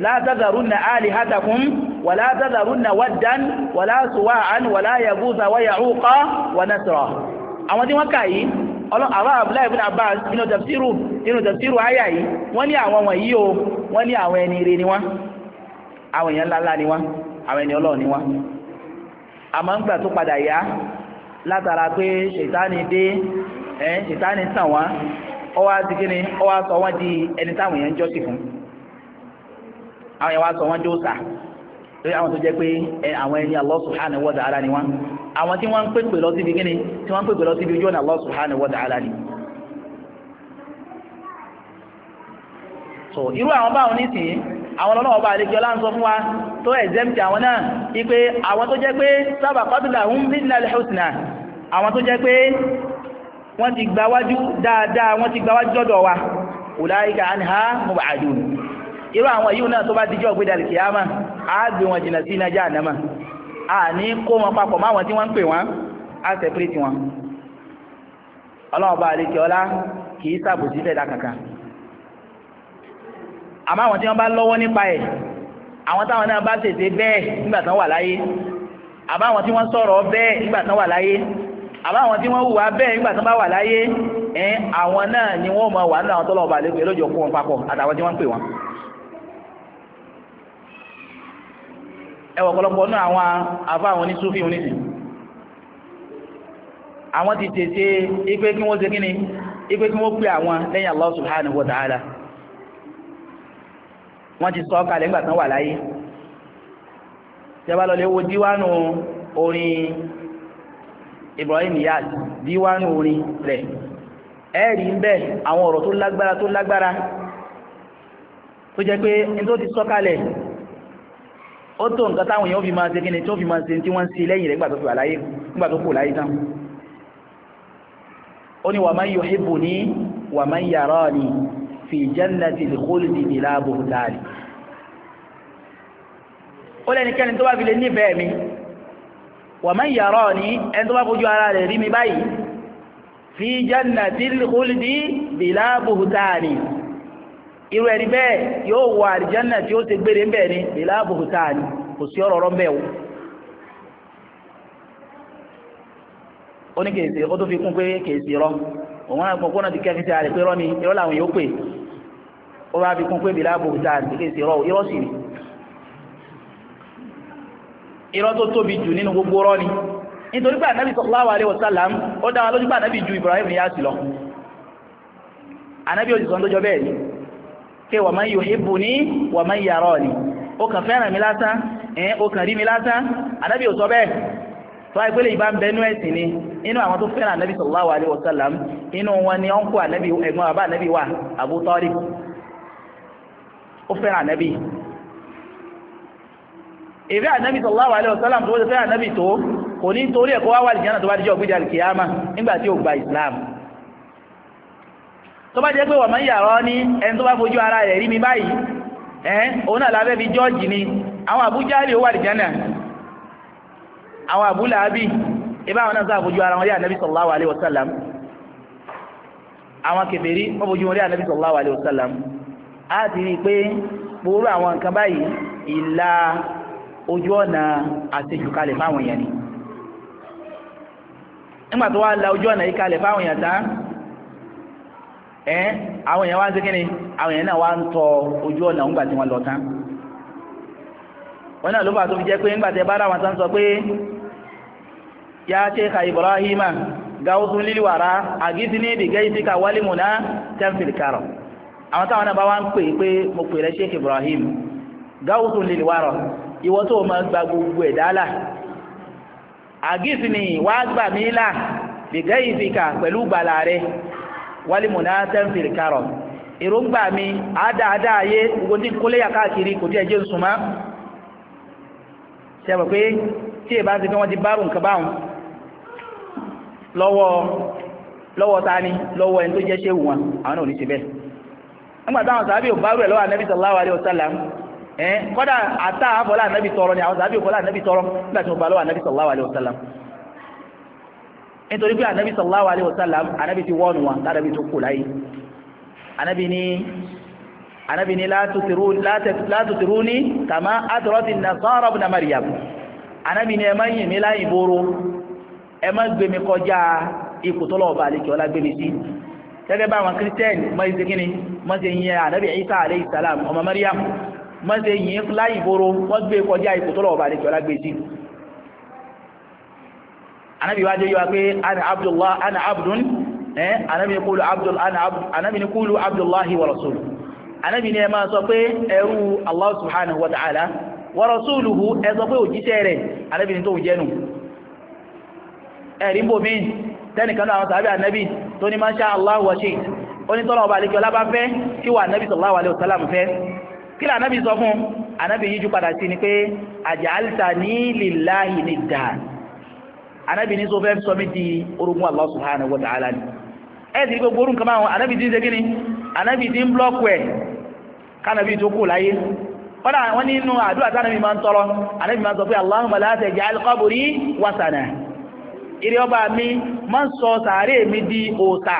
لا تذرن آلهتكم ولا تذرن ودا ولا سواعا ولا يغوث ويعوق ونسرا àwọn tí wọ́n kà yìí àwọn Abdullahi ibn Abbas inú tafsiru inú tafsiru àyà yìí wọ́n ní àwọn wọ̀nyí o wọ́n ní àwọn ẹni ire ni wọ́n àwọn èèyàn ńláńlá ni wọ́n àwọn ẹni ọlọ́ọ̀ ni wọ́n àmọ́ àwọn yẹn wá sọ wọ́n jó sà lórí àwọn tó jẹ́ pé àwọn ẹni Allah subhanahu wa ta'ala ni wọ́n àwọn tí wọ́n ń pèpè lọ síbi kíni tí wọ́n ń pèpè lọ síbi ojú ọ̀nà Allah subhanahu wa ta'ala ni. so irú àwọn báwọn nísìnyí àwọn ọlọ́wọ́ bá àlejò ọlá ń sọ fún wa tó exempt àwọn náà ipe àwọn tó jẹ́ pé sabaqat lahum bil husna àwọn tó jẹ́ pé wọ́n ti gbáwájú dáadáa wọ́n ti gbáwájú lọ́dọ̀ wa ulaika anha mub'adun irú àwọn yìí náà tó bá dijọ́ gbé dàlì kìyàmà á gbé wọn jìnnà sí iná jahannama a ní kó wọn papọ̀ mọ́ àwọn tí wọ́n ń pè wọ́n á sẹ̀pírìtì wọn ọlọ́run bá àlekè ọlá kì í sàbòsí fẹ́ẹ̀dá kankan àmọ́ àwọn tí wọ́n bá lọ́wọ́ nípa ẹ̀ àwọn táwọn náà bá tètè bẹ́ẹ̀ nígbà tán wà láyé àbá àwọn tí wọ́n sọ̀rọ̀ bẹ́ẹ̀ nígbà tán wà láyé àbá àwọn tí wọ́n hùwà bẹ́ẹ̀ nígbà tán bá wà láyé ẹ̀ àwọn náà ni wọ́n mọ̀ wà nínú àwọn tọ́lọ̀ ọba àlekè lójó kó wọn papọ̀ àtàwọn tí wọ́n ń pè wọ́n. ẹwọ̀ ọ̀pọ̀lọpọ̀ náà àwọn àfá àwọn oníṣúfì oníṣìn àwọn ti tètè ipé kí wọ́n ṣe kí ni ipé kí wọ́n pè àwọn lẹ́yìn Allah subhanahu wa ta'ala wọ́n ti sọ kalẹ̀ nígbà tán wà láyé tẹ́bá lọlé wo díwánu orin Ibrahim Niyaz díwánu orin rẹ̀ ẹ̀rí ń bẹ àwọn ọ̀rọ̀ tó lágbára tó lágbára tó jẹ́ pé ní tó ti sọ kalẹ̀ ó tó nǹkan táwọn èèyàn fi máa ṣe kí ni tó fi máa ṣe tí wọ́n ń ṣe lẹ́yìn rẹ̀ nígbà tó fi wà láyé nígbà tó kù láyé tán ó ní wa man yuhibbuni wa man yarani fi jannatil khuldi bila buhtani ó lẹ́nikẹ́ni tó bá fi lè nífẹ̀ẹ́ mi wa man yarani ẹni tó bá fojú ara rẹ̀ rí mi báyìí fi jannatil khuldi bila buhtani irú ẹni bẹ́ẹ̀ yóò wọ àlìjánà ti gbére ń ni bèlà àbùkùtà ni kò sí ọ̀rọ̀ o. ó ní ó tó fi kún pé rọ òun náà ti àrè pé ni irọ́ làwọn yóò pè ó bá fi kún pé bèlà àbùkùtà ni kèsì rọ irọ́ sì ni irọ́ tó tóbi jù nínú gbogbo ni nítorí pé ànábì sallallahu alaihi wasallam ó dá lójú pé ànábì ju Ibrahim yá lọ ànábì pé wà máa yóò hébù ní wà máa yàrá ni ó kàn fẹ́ràn mi lásán ẹ̀ẹ́n ó kàn rí mi lásán ànábì ò sọ bẹ́ẹ̀ tó àìpé lè bá ń bẹnú ẹ̀sìn ni inú àwọn tó fẹ́ràn ànábì sallallahu alaihi wasallam inú wọn ni ọ̀nkù ànábì ẹ̀gbọ́n bàbá ànábì wà Abu Talib ó fẹ́ràn ànábì ìfẹ́ ànábì sallallahu alaihi wasallam tó fẹ́ràn ànábì tó kò ní torí ẹ̀kọ́ wá wà lìjánà tó bá díjọ́ gbíjà kìyàmá nígbà tí ó gba ìsìláàmù tó bá jẹ́ pé wàmọ́ yàrá ní ẹni tó bá fojú ara rẹ̀ rí mi báyìí ẹ́ òun náà lábẹ́ fi jọ́ọ̀jì ni àwọn àbújáàlì ó wà lìjánà àwọn àbúlàábì ibá àwọn náà sáà fojú ara wọn rí ànábì sallallahu alaihi wasallam àwọn kèfèrí wọ́n fojú wọn rí ànábì sallallahu alaihi wasallam á ti rí i pé gbogbo àwọn nǹkan báyìí ìlà ojú ọ̀nà àtẹjùkalẹ̀ fáwọn èèyàn ni nígbà tó wá la ojú ọ̀nà yìí kalẹ̀ fáwọn èèyàn tán ẹ́ àwọn èèyàn wá ń ṣe kí ni àwọn èèyàn náà wá ń tọ ojú ọ̀nà ńgbà tí wọ́n lọ tán wọ́n náà ló bá tó fi jẹ́ pé ńgbà tẹ bá rà wọn sọ pé ya Sheikha Ibrahima gáwúsùn líliwàrá àgídí ní ìdìgẹ́ ìsìkà wálé mùná tẹ́ǹfìlì karọ̀ àwọn táwọn náà bá wá ń pè pé mo pè rẹ Sheikh Ibrahim gáwúsùn líliwàrọ̀ ìwọ tó o máa gba gbogbo ẹ̀dá là àgídí ni wàá gbà mí là ìdìgẹ́ ìsìkà pẹ̀lú gbàlà rẹ̀ wálé mọ̀nà tẹ́ǹfì kárọ̀ èròǹgbà mi àádáadáa ayé gbogbo tí kólé yà káàkiri kò tí ẹ jẹ́ ń súnmọ́ ṣe mọ̀ pé tí èbá ti fẹ́ wọ́n ti bárùn nǹkan báwọn lọ́wọ́ lọ́wọ́ ta ni lọ́wọ́ ẹni tó jẹ́ ṣé wù wọn àwọn náà ò ní ṣe bẹ́ẹ̀ nígbà táwọn sàábì ò bárù ẹ̀ lọ́wọ́ ànábì sallallahu alaihi wasallam ẹ̀ kọ́dà àtà àfọlá ànábì tọrọ ni àwọn sàábì ò fọlá ànábì tọrọ nígbà sallallahu alaihi wasallam nítorí pé anabi sallallahu alayhi wa sallam anabi ti wọ́ọ̀nù wọn kánabi tó kù láyé anabi ní anabi ní látùtìrú ní kàmá àtúrọ́tì nasara ibn Maryam anabi ní ẹ má yìn mí láyìn bóró ẹ má gbé mi kọjá ipò tó lọ́wọ́ bá àlekè ọlá gbé mi sí gẹ́gẹ́ bá àwọn kírísítẹ́nì mọ́sí ṣe kíni mọ́sí yin ànábì Isa alayhi salam ọmọ Maryam mọ́sí yin láyìn bóró wọ́n gbé anábi wá jẹ́ yíwa pé ana abdullah ana abdun eh anábi ni kúlù abdul ana abdun anábi ni kúlù abdullahi wa rasuluhu anábi ni ẹ máa sọ pé ẹrú allah subhanahu wa ta'ala wa rasuluhu ẹ sọ pé òjíṣẹ́ rẹ̀ anábi ni tó ń jẹ́nu ẹ̀rí bòmí tẹ́nìkan náà àwọn sàábì anábi tó ní máa ṣá allah wa ṣe onítọ́lọ̀ ọba àlekẹ́ ọlábá fẹ́ kí wà nábì sallallahu alaihi wasallam fẹ́ kí là nábì sọ fún anábi yíjú padà sí ni pé àjàálìta ní lillahi niddan anábì ní sọ fẹ́ sọ mí di orogún Allah subhanahu wa ta'ala ni ẹ ti gbogbo orun kama àwọn anábì ti ń segin ni blọ́ọ̀kù ẹ̀ kánábì tó wani láyé wọ́n náà nínú àdúrà tánábì máa ń tọrọ anábì máa ń sọ pé wasana eré mi ma sọ mi di òòtà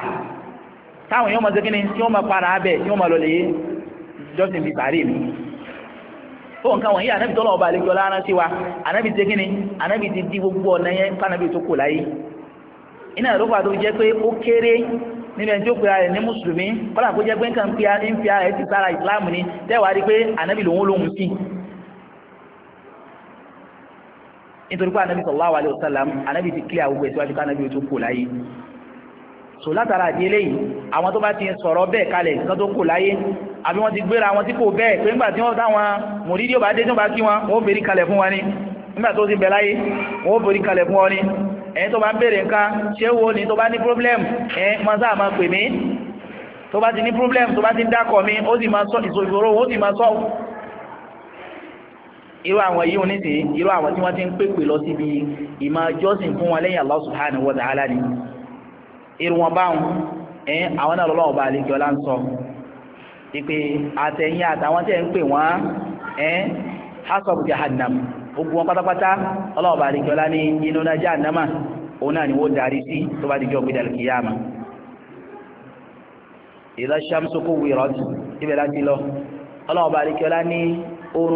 fún nǹkan wọ̀nyí ànábì tọ́lọ̀ ọba àlejò lára sí wa ànábì ti kíni ànábì ti di gbogbo ọ̀nà yẹn fànábì tó kù láyé iná ìrọ́pà tó jẹ́ pé ó kéré nínú ẹni tó pe ara rẹ̀ ní mùsùlùmí kọ́lá kó jẹ́ pé nǹkan ń fi ara rẹ̀ ti sára ìsìláàmù ni tẹ́wàá rí pé ànábì lòun lòun sí nítorí pé ànábì sallallahu alaihi wasallam ànábì ti kílẹ̀ àwọn ẹ̀síwájú kánábì tó kù láyé so látara àdí eléyìí àwọn tó bá ti sọ̀rọ̀ bẹ́ẹ̀ kalẹ̀ nǹkan tó kò láyé àbí wọ́n ti gbéra wọn tí kò bẹ́ẹ̀ pé nígbà tí wọ́n táwọn mòrídìí ò bá dé tí wọ́n bá kí wọn wọ́n fèrí kalẹ̀ fún wọn ni nígbà tó ti bẹ̀ láyé wọ́n fèrí kalẹ̀ fún wọn ni ẹ̀yin tó bá ń bèèrè nǹkan ṣé wo ni tó bá ní problem ẹ̀ máa sáà máa pè mí tó bá ti ní problem tó bá ti ń dákọ̀ mi ó sì máa sọ ìṣòro ó sì máa sọ irú àwọn yìí oníṣe irú àwọn tí wọ́n ti ń pèpè lọ síbi ìmọ̀ jọ́sìn fún wọn lẹ́yìn Allah subhanahu wa ta'ala ni irun wọn báwọn ẹ àwọn náà lọ́wọ́ bá àlejò ọlá ń sọ ìpè àtẹ̀yìn àtàwọn tẹ̀ ń pè wọ́n jahannam wọn pátápátá ọlọ́wọ́ bá àlejò ọlá ní inú náà jahannama òun náà ni wọ́n darí sí tó bá dijọ́ gbé dàlùkì yá ma ìlà sàmsókò wìrọt ibẹ̀ láti lọ ọlọ́wọ́ bá àlejò ọlá ní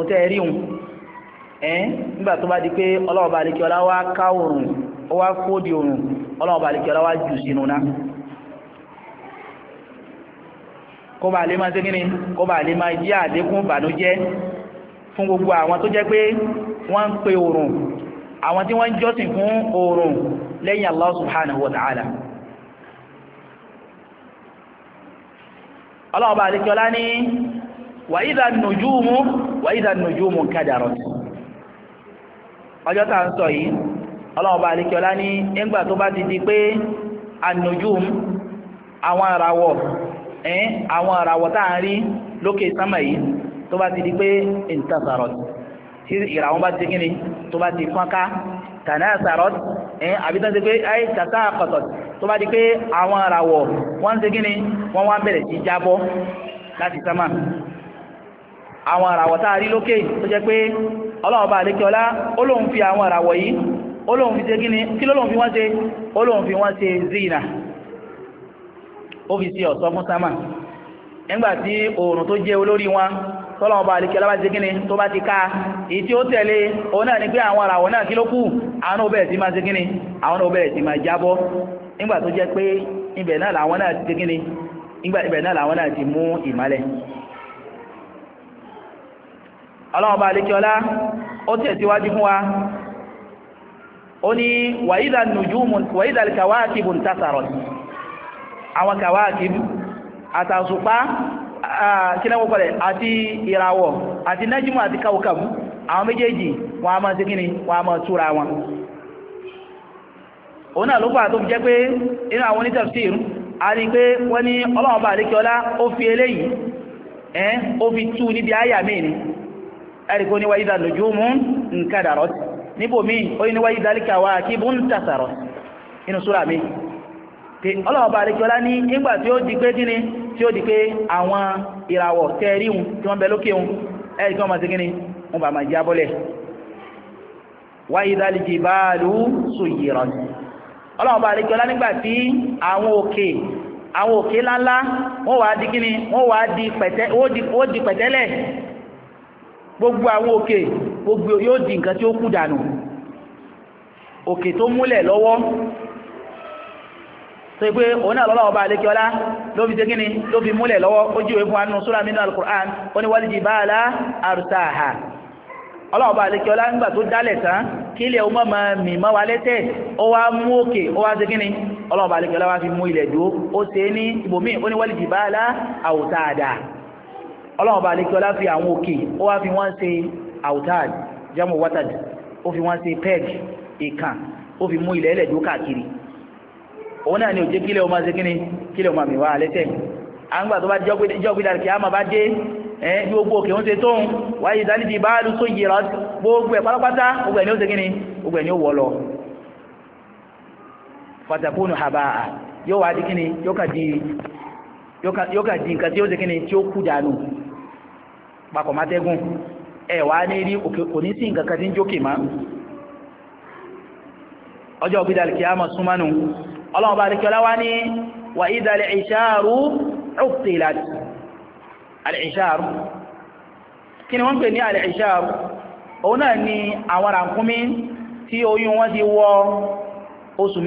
tẹ́ nígbà di pé ọlọ́wọ́ ó wá kó di òrùn ọlọ́run bá àlejò jù sínú náà kó bá lè máa ṣe kíni kó bá lè máa fún gbogbo àwọn tó jẹ́ pé wọ́n ń pe òrùn àwọn tí wọ́n jọ́sìn fún Allah wa ta'ala ń sọ yìí ọlọ́run ọba àlekíọ́lá ní ńgbà tó bá ti di pé ànújùm àwọn àràwọ̀ ẹ̀ àwọn àràwọ̀ tá à ń rí lókè sánmà yìí tó bá ti di pé ìtàsàrọ̀ tí ìràwọ̀ bá ti kíni tó bá ti fọ́nká tànásàrọ̀ ẹ̀ àbí tó ti pé ẹ̀ tàtà àkọ̀tọ̀ tó bá di pé àwọn àràwọ̀ wọ́n ti kíni wọ́n wá bẹ̀rẹ̀ sí jábọ́ láti sánmà àwọn àràwọ̀ tá rí lókè tó jẹ́ pé ọlọ́run ọba ó lóun fi àwọn àràwọ̀ yìí olóhùn fi ṣe gíní kí lóhùn fi wọ́n ṣe olóhùn fi wọ́n zina ó fi ṣe ọ̀ṣọ́ fún sámà tí oòrùn tó jẹ́ olórí wọn tọ́lọ̀ ọba àlekẹ́ lábá ṣe gíní tó bá ti ká èyí tí ó tẹ̀lé òun náà ni pé àwọn àràwọ̀ náà kí ló kù àwọn náà bẹ̀rẹ̀ sí máa gíní àwọn náà bẹ̀rẹ̀ sí máa jábọ́ nígbà tó jẹ́ pé ibẹ̀ náà làwọn ọba àlekẹ́ ọlá ó tẹ̀síwájú fún oni ní wàídà nùjúmù wàídà kàwáàkìbù ń tásàrọ̀ àwọn kàwáàkìbù àtàṣùpá kílẹ̀wọ́pọ̀lẹ̀ àti ìràwọ̀ àti nájímù àti káwọ́kàbù àwọn méjèèjì wọn a máa ṣe kíni wọn a máa túra wọn òun náà ló pàá tó jẹ́ pé inú àwọn onítafsir a rí pé wọ́n ní ọlọ́run ni níbòmí ó ní wáyé dáríkà wá kí bú ń tàtàrọ̀ inú súra mi tí ọlọ́ọ̀bà àríkọlá ní ìgbà tí ó di pé gíní tí ó di pé àwọn ìràwọ̀ tẹ́ríhun tí wọ́n bẹ lókè hun ẹ̀rí kan máa ti gíní wọ́n bá máa jábọ́lẹ̀ wáyé dáríkì báàlú sùyìrọ̀ ọlọ́ọ̀bà àríkọlá nígbà tí àwọn òkè gbogbo àwọn òkè gbogbo yóò di nǹkan tí ó kú dànù òkè tó múlẹ̀ lọ́wọ́ tó pé òun náà lọ́lọ́wọ́ bá ló fi ṣe ló fi múlẹ̀ lọ́wọ́ ó jíwé fún anú súra mínú al-Qur'an ó ní wal jibala arsaha ọlọ́wọ́ bá alékí ọlá nígbà tó dálẹ̀ tán kí ilẹ̀ ọmọ ma mì mọ́ wa lẹ́tẹ̀ ó wá mú òkè ó wá ọlọ́wọ́ bá wá fi mú ilẹ̀ dúó ó ọlọ́run bá lè kí ọlá fi àwọn òkè ó wá fi wọ́n ṣe àwùtáàd jámù wátàd ó fi wọ́n ṣe peg ìkàn ó fi mú ilẹ̀ ilẹ̀ dúró káàkiri òun náà ni ò jẹ́ kílẹ̀ ọmọ ṣe kíni kílẹ̀ ọmọ mi wá alẹ́tẹ̀ àǹgbà tó bá jọ́gbìdà kí máa bá dé gbogbo òkè ń yóò kà di nǹkan tí ó tí ó kú dànù papọ̀ mátẹ́gùn ẹ̀ wá ní rí kò ní sí nǹkan kan ń jókè má ọjọ́ òbí dàlì kìámọ̀ súnmánu ọlọ́run bá dìkẹ́ ọláwá kí ni wọ́n ní tí ti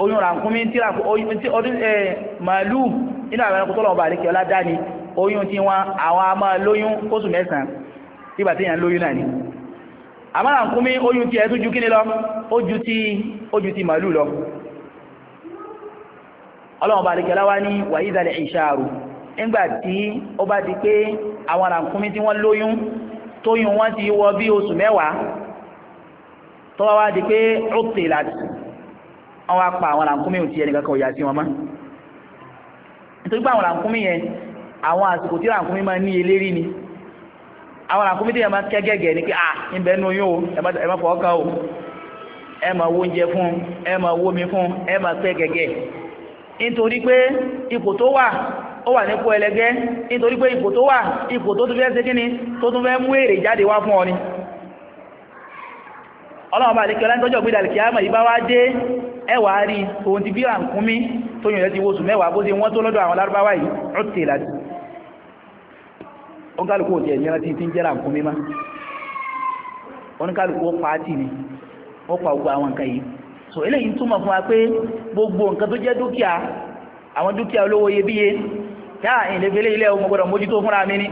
oyún ràkúnmí tí ọdún màálù nínú àwọn ẹranko tọ́lọ̀ ọba àríkẹ́ ọlá dání oyún tí wọn àwọn a máa lóyún kóṣù mẹ́sàn-án nígbà tí èèyàn lóyún náà ni àmọ́ ràkúnmí oyún tí ẹ tún ju kíni lọ ó ju ti ó ju ti màálù lọ ọlọ́run ọba àríkẹ́ ọlá wá ní wàyí ìdálẹ̀ ìṣàrò nígbà tí ó bá di pé àwọn ràkúnmí tí wọ́n lóyún tóyún wọn ti wọ bí oṣù mẹ́wàá tó wá wá di pé ó tè láti wa wá pa àwọn làǹkúmí ò ti ẹni kankan ọ̀yà sí wọn mọ́ nítorí pé àwọn làǹkúmí yẹn àwọn àsìkò tí làǹkúmí ní eléri ni àwọn làǹkúmí tí yẹn máa kẹ́gẹ́gẹ́ ni pé ah ibẹ̀ nu yín o ẹ má fọwọ́ kan o ẹ wo fún ẹ máa wo omi fún ẹ pẹ́ gẹ́gẹ́ nítorí pé ipò tó wà ó wà ẹlẹgẹ́ nítorí pé ipò tó wà ipò tó tún ni tó ọ ni ọlọ́run bá dé ẹwà rí ohun ti bí ràǹkúnmí tó yìnbọn ti wóṣù mẹ́wàá bó ṣe wọ́n tó lọ́dọ̀ àwọn lárúbáwá yìí ó tè láti oníkálùkù òtí ẹ̀mí rántí tí ń jẹ́ ràǹkúnmí má oníkálùkù ó pa á tì ó pa gbogbo àwọn nǹkan yìí so eléyìí túmọ̀ fún wa pé gbogbo nǹkan tó jẹ́ dúkìá àwọn dúkìá olówó iyebíye yáà ìlẹ́fẹ́lẹ́ ilẹ̀ ọmọ gbọ́dọ̀ mójútó fúnra mi ni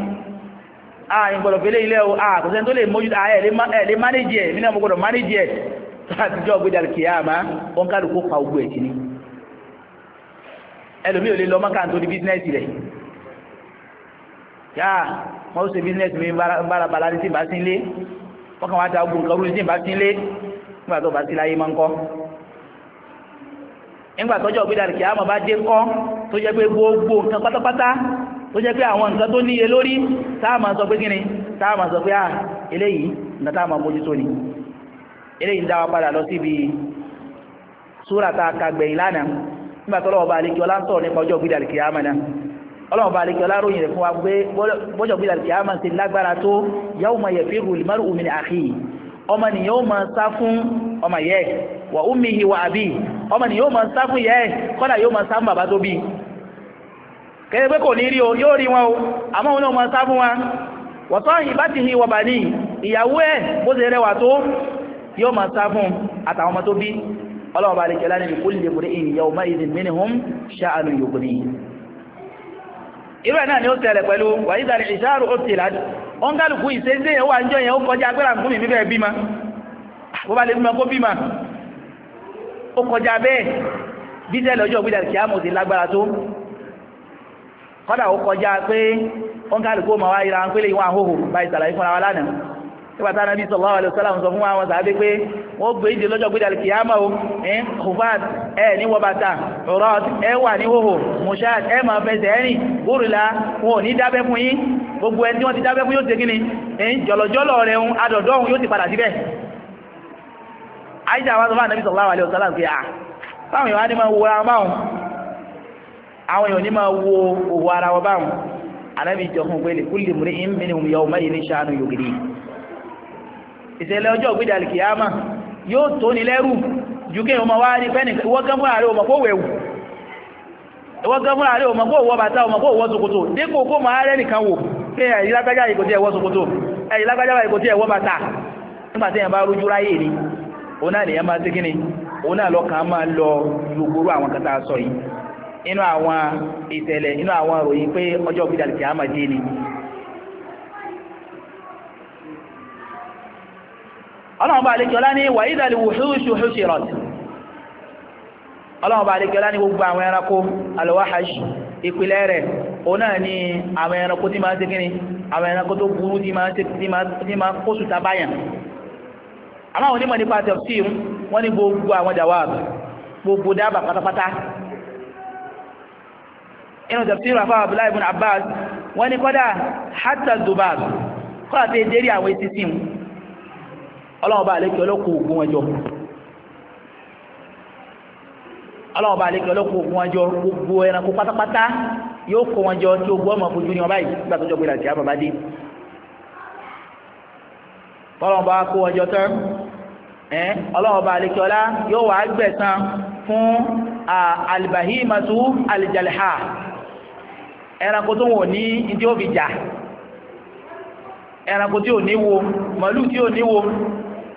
ààyìn gbọ́dọ̀ fẹ́lẹ́ ilẹ̀ o àkọsẹ́ tó lè mójútó ààyẹ̀ lè mánéjì ẹ̀ nínú ọmọ gbọ́dọ̀ mánéjì ẹ̀ àtijọ́ ọgbẹ́dà kìyàmá wọn káàdù kó pa ogbó ẹ̀jì ni ẹlòmí ò lè lọ nítorí bísínẹ́sì rẹ̀ yá ṣe bísínẹ́sì mi ní sí kàn wá ta ogun kan sí nígbà tó bá sí láyé máa ń kọ́ nígbà bá dé kọ́ tó jẹ́ pé gbogbo nǹkan pátápátá tó jẹ́ eléyìí ń dá wa padà lọ síbi súrà tá a ka gbẹ̀yìn lánàá nígbà tó lọ́wọ́ bá alekí ọlá ń sọ̀rọ̀ nípa ọjọ́ gbídà kìí àmà náà ọlọ́wọ́ bá alekí ọlá ròyìn rẹ̀ fún wa pé bọ́jọ́ wa ummihi wa abihi ọmọ nìyẹn ó máa sá fún yẹ kọ́dà yóò máa sá fún bàbá tó bí kò ní rí o yóò rí wọn o àmọ́ òun náà máa sá fún wa wa sahibatihi wa banihi ìyàwó ẹ̀ bó ṣe rẹwà tó yóò máa sá fún àtàwọn ọmọ tó bí ọlọ́wọ́ bá lè jẹ́ lánàá ìkú lè múrí ìyìn yau máa ìdí mí ni hún ṣáàlù yòókù ní irú ẹ̀ náà ni ó tẹ̀lẹ̀ pẹ̀lú wàyí ìdàrí ìṣàrù ó ti láti ó ń kálukú ìṣẹ́ṣẹ́ yẹn wà ń jọ yẹn ó kọjá agbára kọ́dà ó kọjá pé ó ń wá ìra wọn ìwọ̀n àhóhò báyìí sàlàyé fúnra wa lánàá nígbà tá anábì sallallahu alaihi wasallam sọ fún wa wọn sàábé pé wọ́n gbé ìdè lọ́jọ́ gbéjà kìyàmà o ẹ̀ hufat ẹ̀ ní wọ́bàtà rọ́t ẹ̀ wà ní hòhò mùsàd ẹ̀ máa fẹsẹ̀ ẹ̀rìn búrùlà wọn ò ní dábẹ́ fún yín gbogbo ẹni tí wọ́n ti dábẹ́ fún yóò ṣe kí ni ẹ̀ jọ̀lọ̀jọ̀lọ̀ rẹ̀ ń adọ̀dọ̀ òun yóò ti padà síbẹ̀ àìjà wa sọ fún anábì sallallahu alaihi wasallam pé à báwọn èèyàn máa wo ara báwọn àwọn èèyàn ní máa wo òwò ara wọn báwọn anábì jọ fún pé ìṣẹ̀lẹ̀ ọjọ́ ògbédè alìkìyàmà yóò tó ní lẹ́rù ju kí ọmọ wá ní fẹ́ni ìwọ́gán fún ààrẹ ọmọ kó wẹ̀wù ìwọ́gán fún ààrẹ ọmọ kó wọ bàtà ọmọ kó wọ ṣòkòtò dípò kó mọ ààrẹ nìkan wò pé ẹ̀yìn lágbájá ìkò tí ẹ wọ ṣòkòtò ẹ̀yìn lágbájá ìkò tí ẹ wọ bàtà nígbà tí ẹ̀yìn bá rújú ráyè ọlọ́run bá àlejò lá ní wà ìdàlì wùhúṣù húṣìrọ̀t ọlọ́run bá àlejò lá ní gbogbo àwọn ẹranko alwahash ìpìlẹ̀ rẹ̀ o náà ni àwọn ẹranko tí máa ń sekínì àwọn ẹranko tó burú tí máa kóṣù tabáyàn àmọ́ àwọn onímọ̀ nípa tafsir wọ́n ní gbogbo àwọn jawab gbogbo dábà pátápátá inú tafsir àfá Abdullahi ibn Abbas wọ́n ní kọ́dà hatta zubab kọ́dà tẹ́ dérí àwọn etí ọlọ́wọ́ bá lékè ogun ọjọ́ ọlọ́wọ́ bá lékè ogun gbogbo ẹranko pátápátá yóò kó wọn jọ tí o ọmọ fojú pé dé kó wọn jọ tán ọlá yóò fún ẹranko tó wọn ní ìdí òbí jà ẹranko tí ò ní wo tí ò wo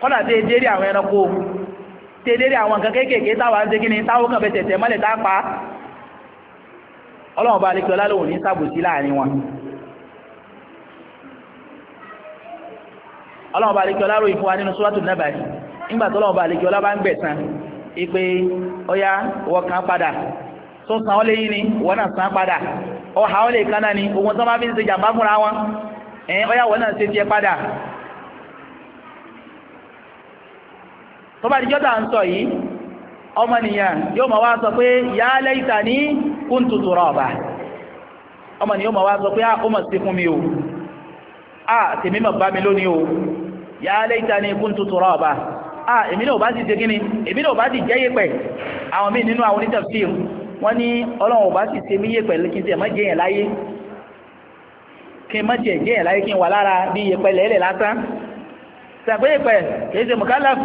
kọ́lá tẹ́ dérí àwọn ẹranko tẹ́ dérí àwọn nǹkan kéékèèké táwa ń ṣe kí ni táwọn kan fẹ́ tẹ̀tẹ̀ mọ́lẹ̀ pa alẹ́kẹ́ ọlálòwò ní sàbòsí láàrin wọn ọlọ́run alẹ́kẹ́ ọláró ìfún wa nínú suratul Naba nígbà tó náà san tó bá di jọ́ta ń sọ yìí ọmọnìyàn yóò máa wá sọ pé ya laitani kuntu turaba ọmọnìyàn yóò máa wá sọ pé á ah, ó mọ̀ sí fún mi o á ah, tèmi mọ̀ bá mi lónìí o ya laitani kuntu turaba á ah, èmi náà bá ti ṣe kíni èmi náà bá ti wọ́n ní ọlọ́run bá ti ṣe mí yẹ̀pẹ̀ kí n tẹ̀ mọ́ jẹ́yàn láyé kí n má jẹ jẹ láyé kí n wà lára bí iyẹ̀pẹ̀ lẹ́lẹ̀ lásán sàgbéyẹ̀pẹ̀ kìí ṣe mùkálàfù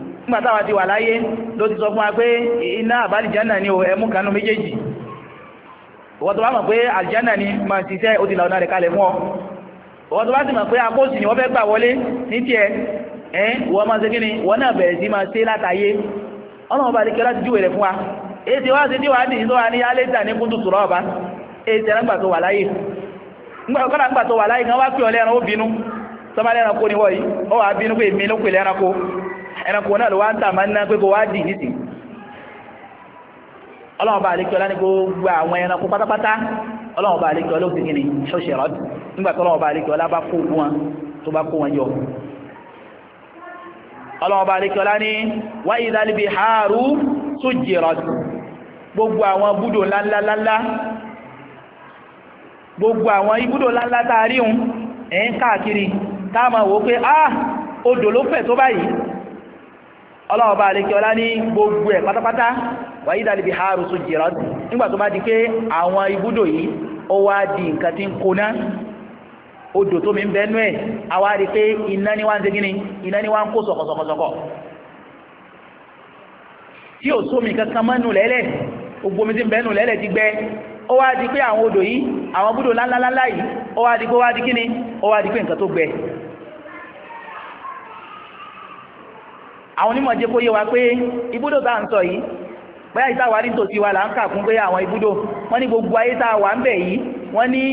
nígbà táwa ti wà láyé ló ti sọ fún wa pé iná àbálìjánà ni o ẹmú kanú méjèèjì ìwọ́n tó bá mọ̀ pé àlìjánà ni ma ti sẹ́ ó ti là ọ̀nà rẹ̀ kalẹ̀ fún ọ ìwọ́n tó bá sì mọ̀ pé akóòsì ni wọ́n fẹ́ gbà wọlé ní tiẹ̀ ẹ́ ìwọ́n máa ṣe kí ni wọ́n náà bẹ̀rẹ̀ sí máa ṣe látàyé ọ̀nà ọba àdìkẹ́ láti júwèé rẹ̀ fún wa èsì wá sí níwàá nìyí tó wà ní alẹ́ta ní kúndù sùrọ̀ èsì ẹ̀rọ̀gbà tó wà láyé ẹranko náà ló wá ń tà máa ń ná pé kó wá dì nítì ọlọ́run bá àlékí ọlá ní gbogbo àwọn ẹranko pátápátá ọlọ́run bá àlékí ọlá òsì kìíní ṣọ́ṣẹ̀ rọ́d nígbà tó ọlọ́run bá àlékí ọlá bá kó wọn tó bá kó wọn jọ ọlọ́run bá àlékí ọlá ní wa idhal biharu sujjirat gbogbo àwọn búdò ńláńláńlá gbogbo àwọn ibúdó láńlá tààríun ẹ̀yìn káàkiri táàmà wò pé ah odò ló fẹ̀ tó báyìí ọlọ́ọ̀bá àlékí ọlá ní gbogbo ẹ̀ pátápátá wàyí dàlìbì haru sujirat nígbà tó bá di pé àwọn ibùdó yìí ó wá di nǹkan tí ń kóná odò tó mi ń bẹ́nu ẹ̀ àwa rí pé iná ni wá ń segin ni iná ni wá ń kó sọ̀kọ̀sọ̀kọ̀sọ̀kọ̀ tí ò sómi kankan mọ́nu lẹ́lẹ̀ gbogbo mi ti ń bẹ́nu lẹ́lẹ̀ ti gbẹ ó wá di pé àwọn odò yìí àwọn ibùdó ńláńláńlá yìí ó wá di pé wá di kíni ó wá di pé nǹkan tó gbẹ àwọn onímọ̀ jẹ́ kó yé wa pé ibùdó tá à ń sọ yìí bóyá ìta wà nítòsí wa là ń kà kún pé àwọn ibùdó wọ́n ní gbogbo ayé tá a wà ń bẹ̀ yìí wọ́n ní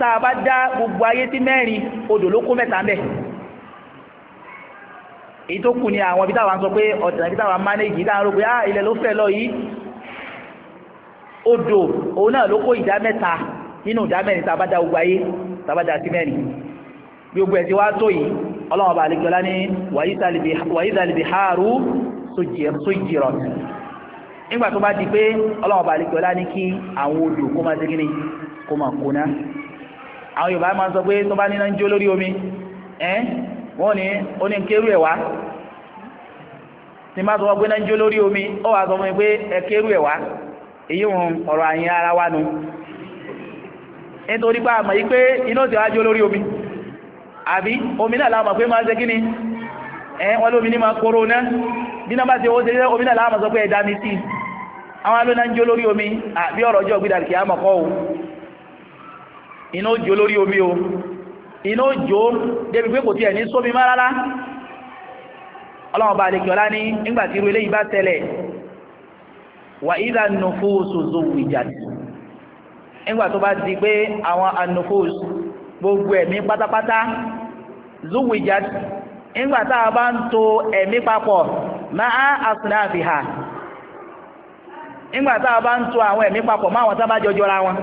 tá a bá dá gbogbo ayé tí mẹ́rin odò ló kó mẹ́ta ń èyí tó kù ni àwọn ibi táwa ń sọ pé ọ̀tàn ibi táwa mánéjì táwa ń rò pé á ah, ilẹ̀ ló fẹ́ lọ yìí odò òun náà ló kó ìdá mẹ́ta nínú ìdá mẹ́rin tá bá dá gbogbo ayé tá bá dá sí mẹ́rin gbogbo ẹ̀ tí wàá tó yìí ọlọ́wọ́ bá àlejòlá ní wàyíṣàlìbìhárù sójìrọ̀ nígbà tó bá di pé ọlọ́wọ́ bá àlejòlá ní kí àwọn odò kó máa ṣe kíni kó máa kóná àwọn Yorùbá máa sọ pé tó bá níná jó lórí omi wọ́n ni ó ní kérú máa sọ pé náà jó lórí omi ó wà sọ fún mi pé ẹ èyí ọ̀rọ̀ ara wa nu nítorí pé omi àbí omi náà láàmà pé máa ń ṣe kíni ẹ̀ wọ́n lómi ní máa kóró náà bí náà bá ti owó ṣe jẹ́ omi náà láàmà sọ pé ẹ̀dá mi sí àwọn alóná ń jó lórí omi àbí ọ̀rọ̀ ọjọ́ gbídà kìí àmọ̀ kọ́ o iná ó jó lórí omi o iná ó jó débi pé kò tiẹ̀ ní sómi má rárá ọlọ́run bá lè kí ní nígbà tí irú eléyìí bá tẹ̀lẹ̀ wà ìdá nufusu gbogbo ẹ̀mí pátápátá zuwijat ńgbà tá a bá ń to ẹ̀mí papọ̀ máa asùnáàfì hà ha tá a bá ń to àwọn ẹ̀mí papọ̀ máa wọn tá bá wọn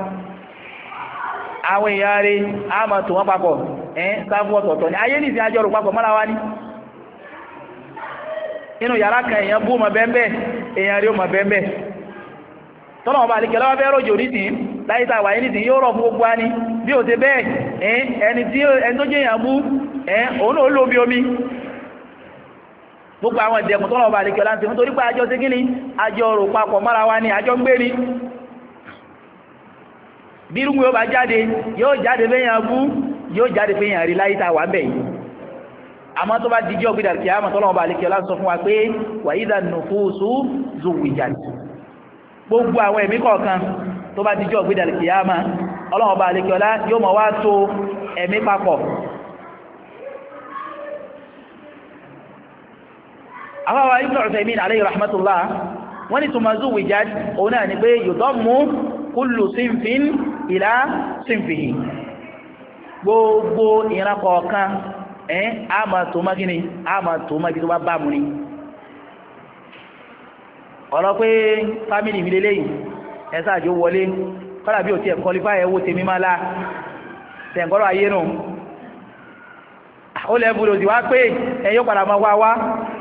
awọn èèyàn a máa tò sáfù ni ayé nìsín ajọ́rò papọ̀ mọ́ra wa ní yàrá kan èèyàn bú ma bẹ́ẹ̀ èèyàn rí bẹ́ẹ̀ fẹ́ láyé tá a yóò rọ̀ fún gbogbo wa bí ti bẹ́ẹ̀ ẹ̀ òun náà lóbi omi gbogbo àwọn ìdẹ̀kùn tó lọ́wọ́ àdékẹ́ láti fún torí pé àjọ sí kíni àjọ rò papọ̀ mára ni àjọ ń gbé ni bí irúgbìn yóò bá jáde yóò jáde fẹ́yàn bú yóò jáde fẹ́yàn rí láyé tá a wà ń bẹ̀ yìí àmọ́ tó bá dijọ́ gbídà kí á mọ̀ tó lọ́wọ́ àdékẹ́ láti sọ fún wa pé wàyídà nùfúùsù zuwijat gbogbo àwọn ẹ̀mí kọ̀ọ̀kan tó bá àdékẹ́ yóò mọ̀ afáwa ibn Uthaymin alayhi rahmatullah wọ́n ní tuma zuwijat òun náà ni pé yudammu kullu sinfin ila sinfihi gbogbo ìran kọ̀ọ̀kan ẹ̀ á máa tó máa gíní á máa tó máa gíní wá bá mu ni ọ̀rọ̀ pé fámìlì mi lélẹ́yìn ẹ sáàjò wọlé kọ́lá bí o tiẹ̀ qualify ẹ̀ wó tèmi máa la tẹ̀ǹkọ́rọ̀ ayé nù ó lẹ́bùrò sí wá pé ẹ yóò padà máa wá wá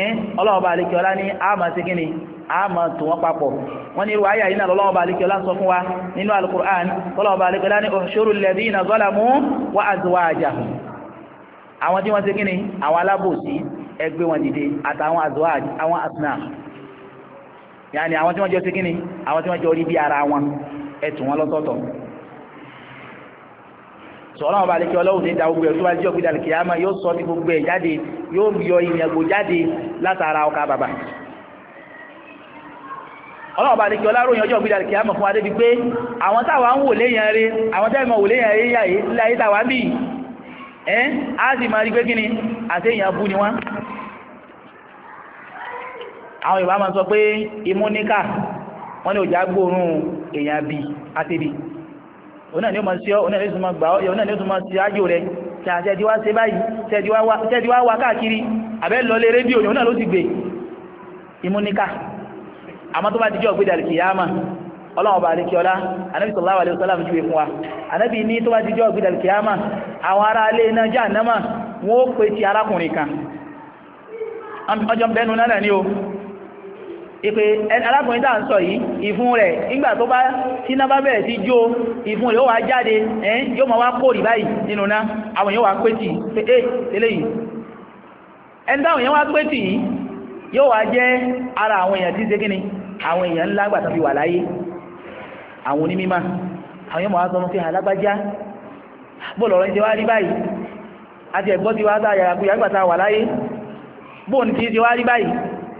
ẹ́n ọlọ́ọ̀bá alékiọlá ní àmà sí gíní àmà tó wọ́n papọ̀ wọ́n ní irú ayà yìí náà lọ́lọ́ọ̀bá alékiọlá sọ fún wa nínú alukur'an lọ́lọ́ọ̀bá alékiọlá ní ọ̀ṣọ́rù lẹ́bí iná zọ́làmú wa azwaja àwọn tí wọ́n sí gíní àwọn alábòsí ẹgbẹ́ wọn dìde àtàwọn azwaj àwọn asna yàní àwọn tí wọ́n jọ sí gíní àwọn tí wọ́n jọ rí bí ara wọn ẹ̀tù wọn lọ́tọ̀ọ̀tọ̀ sọ̀rọ̀ àwọn balẹ̀ kí ọlọ́run ní da gbogbo ẹ̀ tó bá jẹ́ òkúta lè kíyàmá yóò sọ ní gbogbo ẹ̀ jáde yóò yọ ìyàgbò jáde látara ọkà bàbà ọlọ́run balẹ̀ kí ọlọ́run yọjọ́ òkúta lè kíyàmá fún adé bíi pé àwọn táwa ń wò léyàn rẹ àwọn táwa ń wò léyàn rẹ yíyá yìí láyé táwa ń bì ẹ́ á sì máa rí pé kíni àti èèyàn bú ni wọ́n àwọn Yorùbá ọ̀nà ni ó máa ṣe ọ́ ọ̀nà ni ó tún máa gbà ọ́ ọ̀nà ni ó tún máa ṣe ájò rẹ̀ kí a tẹ́ẹ̀dí wá ṣe báyìí tẹ́ẹ̀dí wá wá káàkiri àbẹ́ lọlé rédíò ní ọ̀nà ló ti gbé ìmúníkà àmọ́ tó bá dijọ́ gbé dàlì kìyàmà ọlọ́run ọba fún wa anábì ní tó bá dijọ́ gbé dàlì kìyàmà àwọn ará alé iná jahannama wọn ó pe ti arákùnrin kan ìpè alákùnrin tàà ń sọ yìí ìfun rẹ̀ nígbà tó bá tíná bá bẹ̀rẹ̀ sí jó ìfun rẹ̀ ó wá jáde ẹ́n yóò máa wá kórì báyìí nínú náà àwọn èèyàn wá pé tì pé é tẹ́lẹ̀ yìí ẹni táwọn èèyàn wá pé tì yìí yóò wá jẹ́ ara àwọn èèyàn tí ṣe kíni àwọn èèyàn ńlá gbà tàbí wà láyé àwọn onímímà àwọn èèyàn máa sọ fún alágbájá bóòlù ọ̀rọ̀ ìṣe wá rí báyìí àti ẹ̀gbọ́n ti wá sáà yàrá kúyà wà láyé bóòlù ti ṣe wá rí báyìí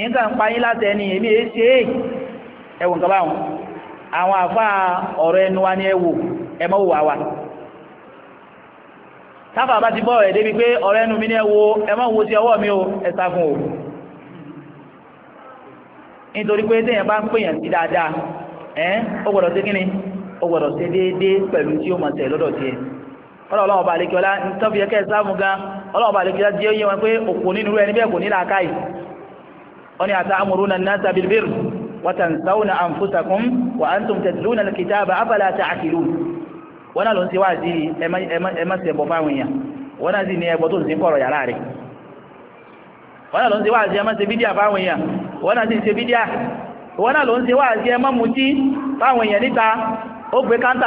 èyí kà ń pa yín láti ẹni èmi èé ẹwọ̀n kaba àwọn àfa ọ̀rọ̀ ẹnu wa ni ẹ wò wà wà táfà bá ti bọ́ ẹ̀ débi pé ọ̀rọ̀ ẹnu mi ni ẹ ẹ sí ọwọ́ mi o ẹ fún o nítorí pé téèyàn bá ń pèèyàn sí dáadáa ẹ ó gbọ́dọ̀ sí kíni ó gbọ́dọ̀ sí déédéé pẹ̀lú tí ó lọ́dọ̀ tiẹ̀ àlekíọ́lá ń ẹ̀kẹ́ gan àlekíọ́lá wọ́n ni atamuruna an-nasa bil birr wa tansawna anfusakum wa antum tatluna al-kitaba afala ta'qilun wọ́n náà ló ń ti wá sí ẹmọ́sẹ̀ bọ̀ fáwọn èèyàn wọ́n náà sì ní ẹgbọ́ tó ń sin kọ̀rọ̀ yàrá rẹ̀ wọ́n náà ló ń ti wá sí ẹmọ́sẹ̀ bídíà fáwọn èèyàn wọ́n náà sì ń ṣe bídíà wọ́n náà ló ń ti wá sí ẹmọ́mutí fáwọn èèyàn níta ó gbé káńtà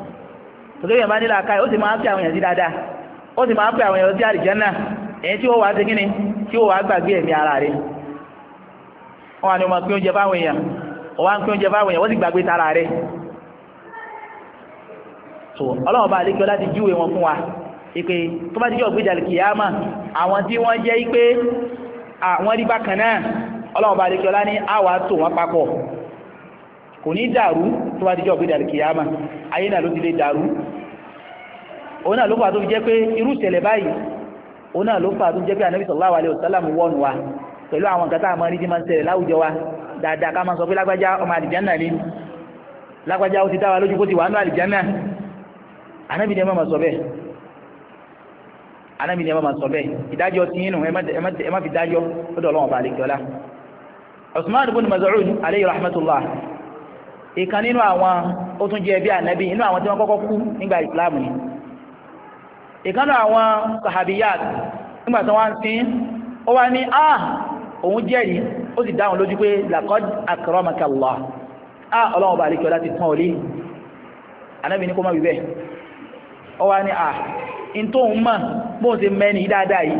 tòkè yẹn bá nílò àká ó sì máa ń pè àwọn èèyàn sí dáadáa ó sì máa ń pè àwọn èèyàn sí àlìjánà èyí tí ó wàá ṣe kíni tí ó wàá gbàgbé ẹ̀mí ara rẹ̀ wọn wà ní ọmọ pé oúnjẹ fáwọn èèyàn wọn wá ń pé oúnjẹ fáwọn èèyàn wọ́n sì gbàgbé tara rẹ̀ so ọlọ́run bá àlékẹ́ láti júwe wọn fún wa ìpè tó bá ti jọ gbé jàlìkì yáàmà àwọn tí wọ́n jẹ́ ìpè àwọn rí bákan náà ọlọ́run bá àlékẹ́ ọlá ní àwa tò wọ́n papọ̀ kò ní dàrú tó bá díjọ́ gbédà kìyàmà ayé náà ló ti lè dàrú òun náà ló fà tó fi jẹ́ pé irú ìṣẹ̀lẹ̀ báyìí òun náà ló fà jẹ́ pé ànábì sallallahu alaihi wasallam wọ́n wa pẹ̀lú àwọn nǹkan tá a mọ ní ti máa ń ṣẹlẹ̀ láwùjọ wa dáadáa ká máa sọ pé lágbájá ọmọ àlìjánà ni lágbájá ó ti dá wa lójú kó ti wà nínú àlìjánà ànábì ni ẹ má máa sọ bẹ́ẹ̀ ànábì ni ẹ ìdájọ́ ti yín nù fi dájọ́ ó dọ̀ ọlọ́wọ́n bá àlejò ọlá Usman ibn Maz'un alayhi rahmatullah ìkan nínú àwọn ó tún jẹ́ ẹbí ànábì inú àwọn tí wọ́n kọ́kọ́ kú nígbà ìsìláàmù ni ìkan nínú àwọn sahabiyat nígbà tí wọ́n ń sin ó wá ní ah òun jẹ́rìí ó sì dáhùn lójú pé laqad akramaka ah ọlọ́run ọba àlekí ọlá ti tán ọlé ànábì ní kó má wí ó wá ní ah in tóun mọ̀ bóun ṣe mẹ́ni dáadáa yìí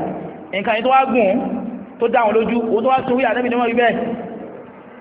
nǹkan yìí tó wá gùn tó dáhùn lójú òun tó wá sọ wí ní wọ́n wí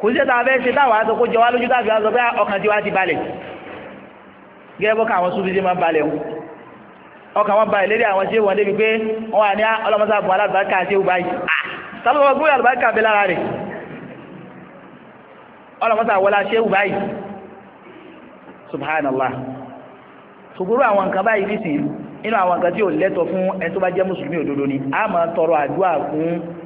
kò sí ẹ̀ta abẹ́ ṣe táwọn aṣọ kó jọ wá lójú tàbí aṣọ pé ọkàn tiwa ti balẹ̀ gẹ́gẹ́ bọ́ka àwọn súnfí sí máa balẹ̀ wọn ọkàn wọn balẹ̀ lérí àwọn ṣé wọn débi pé wọn wà ní ah, ọlọ́mọsá bùn alábàákà ṣé wùbá yìí à ah, sábà wọn gbóyè alábàákà bẹ lára rẹ̀ ọlọ́mọsá wọlá ṣé wùbá yìí subhanallah ṣùgbọ́n àwọn nǹkan báyìí nísìnyí nínú àwọn nǹkan tí ò lẹ́tọ̀ fún ẹni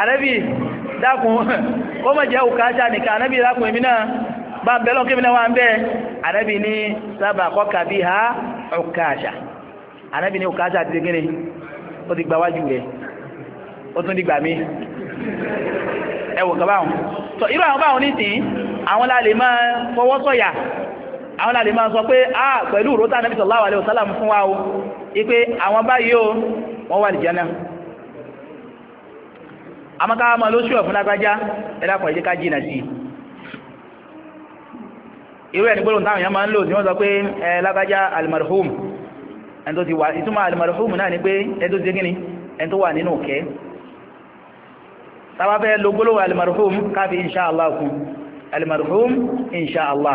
ànábì dákun kó mọ̀ jẹ́ òkájá nìkan ànábì dákun èmi náà bá ń bẹ́ wà ń bẹ́ ànábì ní sábà kọ́kà bí ha òkájá ànábì ní òkájá ti gíní ó ti gba rẹ̀ ó tún mí ẹwọ̀ irú àwọn báwọn àwọn la máa fọwọ́ sọ̀yà àwọn àlè máa sọ pé a pẹ̀lú ìrótà Ànábì sallallahu alaihi wasallam fún wa o ipé àwọn báyìí o wọ́n wà nìjánà àmọ́ká ma ló ṣúọ̀ fún lágbájá ẹ̀dàkùn ẹ̀jẹ́ ká jìnà sí irú ẹni gbọ́dọ̀ táwọn èèyàn ń lò tí wọ́n sọ pé lágbájá almarhum ẹni tó ti wà almarhum náà ni pé ẹni tó ti gíní ẹni tó almarhum káfí inṣáàlá almarhum inṣáàlá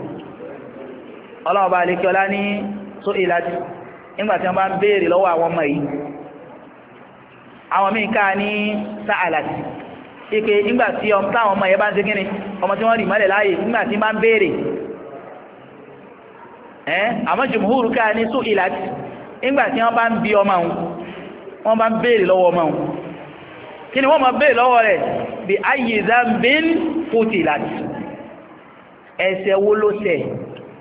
ọlọ́ọ̀bá alékiọlá ní tó ìlàjì nígbàtí wọ́n bá ń béèrè lọ́wọ́ àwọn ọmọ yìí àwọn míì ká ní sáàlàtì ike nígbàtí táwọn ọmọ yẹn bá ń ṣe kíni ọmọ tí wọ́n rì mọ́lẹ̀ láàyè nígbàtí máa ń béèrè ẹ́ àmọ́ jùmùhúrù ká ní tó ìlàjì nígbàtí wọ́n bá ń bi ọmọ òun wọ́n bá ń béèrè lọ́wọ́ ọmọ òun kí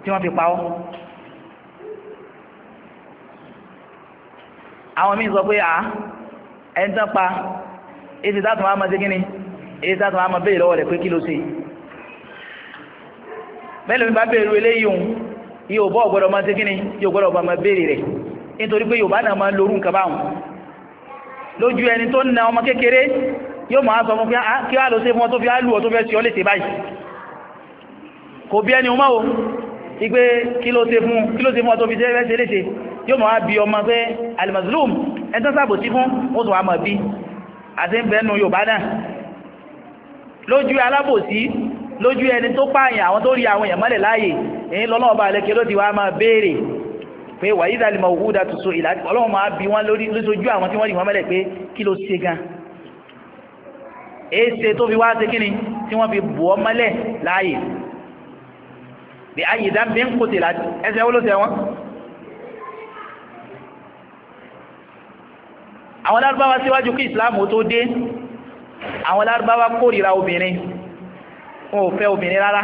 tí wọ́n fi pa ọ́. àwọn míì sọ pé à ẹni tán pa èsì tá a tún wá mọ sí kínni èsì tá a tún wá mọ béèrè lọ́wọ́ rẹ̀ pé kí ló ṣe. bẹ́ẹ̀ lómi bá béèrè eléyìí òun yóò bọ́ ọ̀gbọ́dọ̀ mọ sí kínni yóò gbọ́dọ̀ bá mọ béèrè rẹ̀ nítorí pé Yorùbá náà máa ń lorú nǹkan báwọn lójú ẹni tó na ọmọ kékeré yóò máa sọ fún kí á lọ sí fún ọ tó fi á lù ọ tó fẹ́ sí ọ lè ṣe báyìí kò bí ẹni ọmọ o igbe kí ló ṣe fún kí ló ṣe fún ọtọ́bí jẹ́ ẹ̀ṣẹ́ léṣe yóò máa bí ọmọ pé alimazulum ẹ̀tọ́ sàbòsí fún ó tún wà mọ̀ bí àti ń bẹ́nu Yorùbá náà lójú alábòsí lójú ẹni tó pààyàn àwọn tó rí àwọn èèyàn mọ́lẹ̀ láàyè so ìlà ọlọ́run máa bí wọ́n lórí lójú àwọn tí wọ́n rí wọn mọ́lẹ̀ pé kí ló ṣe gan èé ṣe tó fi wá ṣe kíni tí bí ayé ìdá mi ń kùtì láti ẹsẹ̀ wọ́n ló tẹ̀ wọ́n. àwọn lárúbáwá síwájú kí ìsìláàmù tó dé àwọn lárúbáwá kórìíra obìnrin wọn ò fẹ́ obìnrin rárá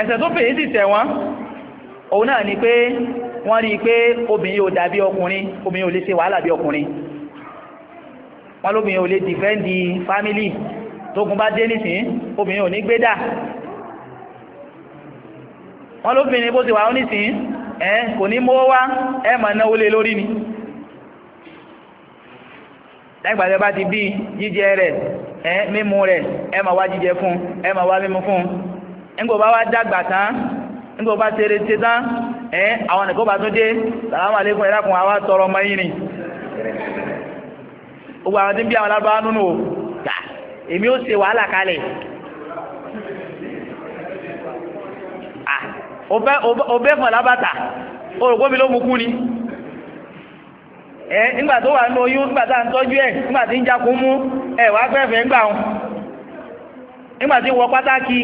ẹ̀ṣẹ̀ tó fèyí sì tẹ̀ wọ́n òun náà ni pé wọ́n rí i pé obìnrin ò dàbí ọkùnrin obìnrin ò lè ṣe wàhálà bí ọkùnrin wọ́n lóbìnrin ò lè dìfẹ́ǹdì fámílì tógun bá dé nísìn obìnrin ò ní gbé dà wọ́n lóbìnrin bó ti wà ó nísìn ẹ̀ kò ní mówó wá ẹ̀ mà náwó lé lórí ni lẹ́gbàdé bá ti bí jíjẹ rẹ̀ ẹ̀ mímu rẹ̀ ẹ̀ mà wá jíjẹ fún ẹ̀ mà wá mímu fún ńgbò bá wá dàgbà tán ńgbò bá ṣe retí tán ẹ̀ àwọn nìkan bá tún dé sàlámù àlékún ẹ̀rá kan àwa tọrọ ọmọ yìí ni gbogbo àwọn tí ń bí àwọn alábàá nínú o èmi ó ṣe wàhálà kalẹ̀ ọbẹ̀ ah, fún alábàtà orògbó mi ló mú kú ni ẹ nígbà tó wà ní oyún nígbà tá à ń tọ́jú ẹ̀ nígbà tí ń jakun mú ẹ wàá gbẹ̀fẹ̀ ń gbà wọn nígbà tí wọ pátákì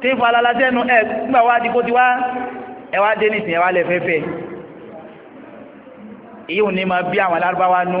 tí ń fa alala sẹ́nu ẹ nígbà wá di kó ti wá ẹ wá dé nìsín ẹ wá lẹ̀ fẹ́fẹ́ èyí ò ní máa bí àwọn alárúbáwá nú.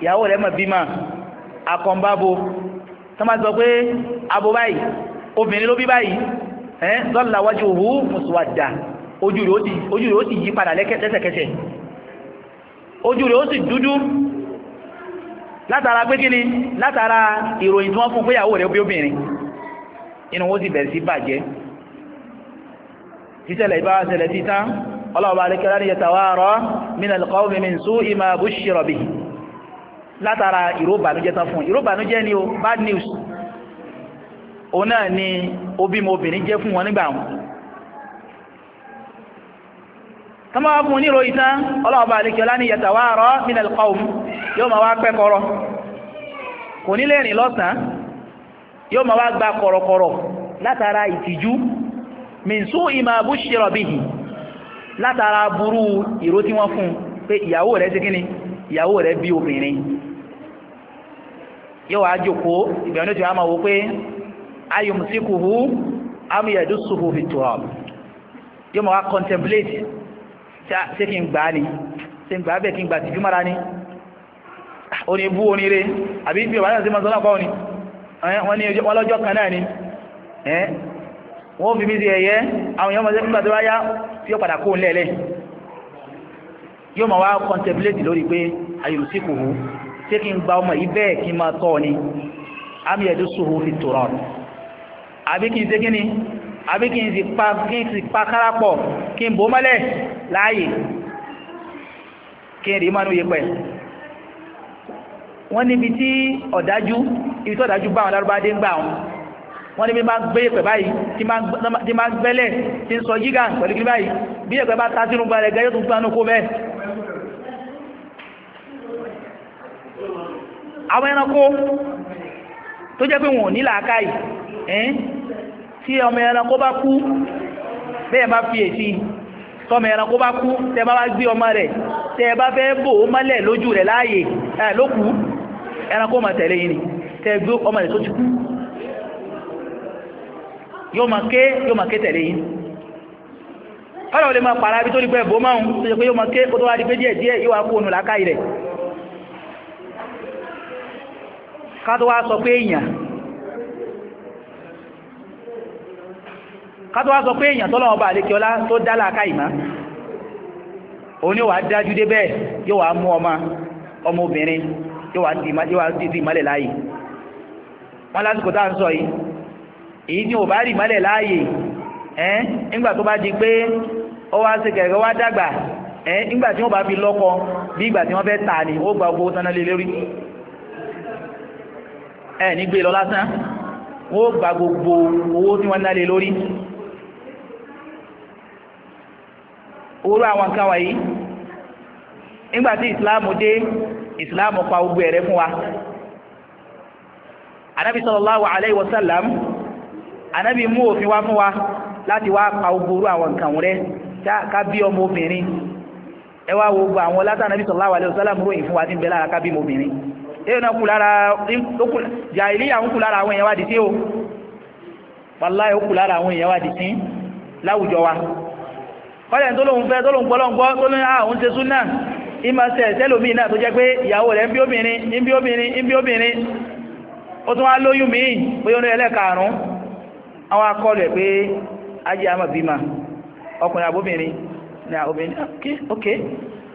ìyàwó rẹ̀ mọ̀ bímọ àkànbábo tó máa sọ pé abo báyìí obìnrin ló bí báyìí ẹ̀ dọ́là wájú òwú mùsùlùmá ojú rẹ̀ ó sì yí padà lẹ́sẹ̀kẹsẹ̀ ojú rẹ̀ ó sì dúdú látara pé kíni látara ìròyìn tí wọ́n fún péyàwó rẹ̀ bí obìnrin inú wọ́n sì bẹ̀rẹ̀ sí bàjẹ́ títẹ̀lẹ̀ ìbára tẹ̀lẹ̀ títán ọlọ́ọ̀bá alẹ́kẹ́lá ní yẹtàwárọ́ min alqawmi min su'i ma bushira látara ìróbànújẹ́ tán fún ìróbànújẹ́ ni o bad news o náà ni obìmọ obìnrin jẹ́ fún wọn nígbà wọn tọ́mọ fún un níro ìtàn ọlọ́ọ̀bà àlekẹ́lá ní yatawara minal qawm yóò máa rìn lọ́sàn-án látara ìtìjú látara ìró tí fún pé yóò wá jòkó ìbẹ̀rẹ̀ ní ti wá máa wo pé ayùmùsíkùhù amúyẹ̀dú sùhù fìtùrọ̀m yóò máa wá contemplate ṣé kí n gbà á ni ṣé n gbà á bẹ́ẹ̀ kí n gbà tìjú mára ni ah, oní bú oní re àbí bí ọ̀bá náà sí mọ́sánlá pọ̀ ni wọ́n ní wọ́n lọ́jọ́ kan náà ni wọ́n fi mí sí ẹ̀yẹ́ àwọn èèyàn mọ́sẹ́ nígbà tó wáyá tí ó padà kó ń lẹ̀lẹ̀ yóò máa wá contemplate lórí pé ayùmùsíkùhù tí kí n gba ọmọ yìí bẹ́ẹ̀ kí n máa tọ́ ni àmì ẹ̀dù sòhò fi tòrọ̀ àbí kí n ṣe kíni àbí kí n sì pa kí n sì pa kárapọ̀ kí n bò mọ́lẹ̀ láàyè kí n rí mọ́nú yẹpẹ̀ wọ́n níbi tí ọ̀dájú ibi tí ọ̀dájú bá àwọn lárúbá dé ń gbà wọn wọ́n níbi máa gbé yẹpẹ̀ báyìí tí máa gbẹ́lẹ̀ tí ń sọ yígà pẹ̀lú kí báyìí bí yẹpẹ̀ bá tá sínú gbalẹ̀ gẹ́yọ́ tó gbánú kó bẹ́ẹ̀ àwọn ẹranko tó jẹ́ pé wọn ò ní làákàyè ẹ́n tí ọmọ ẹranko bá kú bẹ́ẹ̀ bá fi èsì tọmọ ẹranko bá kú tẹ bá bá gbé ọmọ rẹ̀ tẹ bá fẹ́ bò ó mọ́lẹ̀ lójú rẹ̀ láàyè ẹ̀ ló kú ẹranko máa tẹ̀lé yìí ni tẹ gbé ọmọ rẹ̀ tó ti kú yóò máa ké yóò máa ké tẹ̀lé yìí kọ́lọ̀ máa pàrà bí tó rí pẹ́ bò máa ń tó jẹ́ pé yóò máa ké kó tó wá di pé díẹ̀ yóò wá kú ònù làákàyè rẹ̀ kádọ́wà sọ pé èèyàn kádọ́wà sọ pé èèyàn tọ́lọ̀ ọba àlékiọlá tó dálà ká ìmá òun ni wà dájú dé yóò wà mú ọmọ ọmọ yóò wà á dìdì láàyè wọ́n lásìkò tá ń sọ yìí èyí ni ò bá rí láàyè tó bá di pé ó wá ṣe kẹ̀kẹ́ wá dàgbà tí wọ́n bá fi lọ́kọ bí ìgbà tí wọ́n fẹ́ ó gba ẹ̀ ní gbé lọ lásán wọ́n gba gbogbo owó tí wọ́n ná lé lórí orú àwọn nǹkan wáyé nígbà tí ìsìláàmù dé ìsìláàmù pa gbogbo ẹ̀rẹ́ fún wa anábì sallallahu alayhi wa sallam anábì mú òfin wá fún wa láti wá pa gbogbo orú àwọn nǹkan rẹ̀ ká bí ọmọ obìnrin ẹ wá wo gbogbo àwọn látànábì sallallahu alayhi wa sallam ròyìn fún wa ní bẹ́ẹ̀ ká bí ọmọ obìnrin ewu náà kú lára jàìlíyà ń kú lára àwọn èèyàn wá dì sí o wàláyé ó kú lára àwọn èèyàn wá dì sí láwùjọ wa kọ́lẹ̀ tó lóun fẹ́ tó lóun gbọ́lọ́gbọ́ tó ní àwọn ah, ṣe súnà ìmọ̀sẹ̀ tẹ́lòmí náà tó jẹ́ pé ìyàwó rẹ̀ ń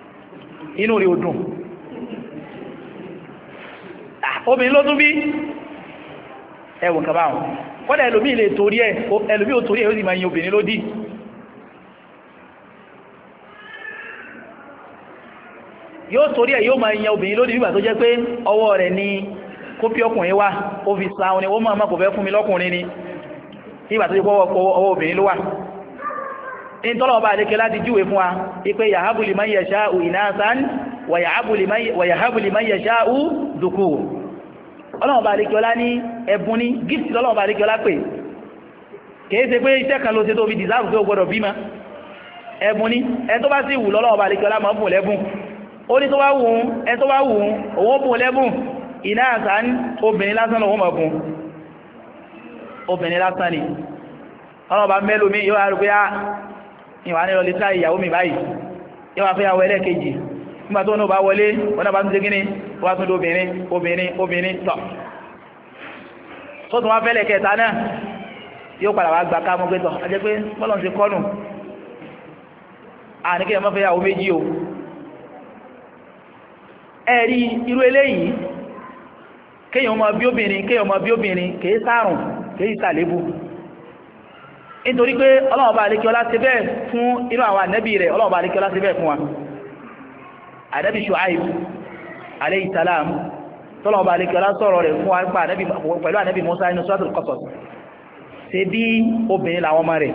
bí obìnrin obìnrin ló tún bí ẹwọ̀n kaba wọn kọ́dà ẹlòmí ilé torí ẹ ẹlòmí ò torí ẹ ó sì máa yin obìnrin ló dì yóò torí ẹ yóò máa yin obìnrin ló dì nígbà tó jẹ́ pé ọwọ́ rẹ̀ ni kópí ọkùnrin wá ó fi sa òní ó máa kò fẹ́ fún mi lọ́kùnrin ni nígbà tó jẹ́ pé ọwọ́ obìnrin ló wà ìtọ́lọ̀ ọba àdékẹ́ láti júwe fún wa ipé yàhábùlì máa yẹ̀ṣáù ìnáṣán wà yàhábùlì máa yẹ̀ṣáù dùkú ọlọ́wọ̀n bá àríkíọlá ní ẹ̀bùn ní gift lọ́wọ́n bá àríkíọlá pè kìí ṣe pé iṣẹ́ kan ló ṣe tó fi dìsáàbù tó gbọ́dọ̀ bímọ ẹ̀bùn ní ẹni tó bá sì wù lọ́wọ́n bá àríkíọlá máa ń bùn lẹ́bùn ó ní tó bá wù ú ẹni tó bá wù ú òun bùn lẹ́bùn iná àṣà ń obìnrin lásán lòun mọ̀ bùn obìnrin lásán ni ọlọ́wọ́n bá mẹ́lòmí yóò wá rú pé á ah, ìwà nílọ lè sáà ìyàwó nígbà tó náà bá wọlé wọ́n bá tún ṣe gíní wọ́n tún obìnrin obìnrin obìnrin tọ̀ tó tún wá fẹ́lẹ̀ kẹta náà yóò padà wá gbà ká mọ́ pé tọ̀ a jẹ́ pé bọ́lọ̀ ń ṣe kọ́nù àníkẹ́ mọ́ fẹ́ yàwó méjì o ẹ̀rí irú eléyìí kéèyàn mọ bí obìnrin kéèyàn mọ bí obìnrin kèé sàrùn kèé ìsàlébù nítorí pé ọlọ́run bá àlékí ọlá ṣe bẹ́ẹ̀ fún inú àwọn ànẹ́bí rẹ̀ ọlọ́run bá àlékí ọlá ṣe bẹ́ẹ̀ fún wa ànábì Shu'aib alayhi salam tọ́lọ́ọ̀bà alẹ́kẹ́lá sọ̀rọ̀ rẹ̀ fún wa pẹ̀lú ànábì Musa inú suratul Qasas ṣe bí obìnrin làwọn ọmọ rẹ̀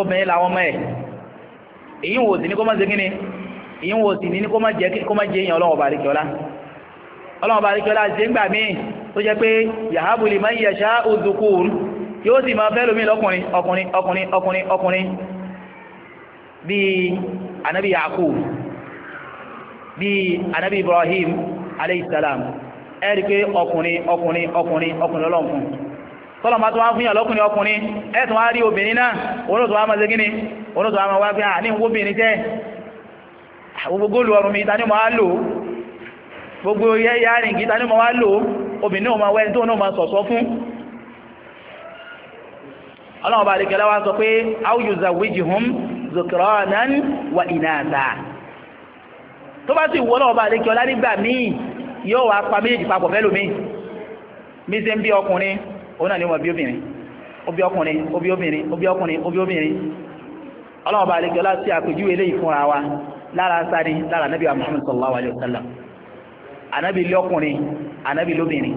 obìnrin làwọn ọmọ ẹ̀ èyí wò sí ní kó má ṣe kíni èyí wò sí ní kó má jẹ́ kó má yahabuli Di anabi Yakub anabi Ibrahim aleyhisalaam ẹ̀rí pé ọkùnrin ọkùnrin ọkùnrin ọkùnrin ọlọ́nkùn tọ́lọ̀ máa tó wá fún yàn lọ́kùnrin ọkùnrin ẹ̀tùn wá rí obìnrin náà olóòtú wá máa ṣe gíní olóòtú wá máa wá fíà ní obìnrin gbogbo góòlù ọrùn mi ìta ní ọmọ wá lò gbogbo yẹ́yà rìn kí ìta ní ọmọ wá lò obìnrin náà máa tó náà máa sọ̀sọ́ fún ọlọ́run zukranan wa inaza tó bá sì wọ́n náà bá lè nígbà míì yóò wá pa papọ̀ mi ṣe ń bí ọkùnrin òun náà ni wọ́n bí obìnrin obi ọkùnrin obi obìnrin obi ọkùnrin obi obìnrin ọlọ́wọ́ bá lè wa lára sáré lára anábì wa Muhammad sallallahu wa sallam anábì lọ́kùnrin anábì lóbìnrin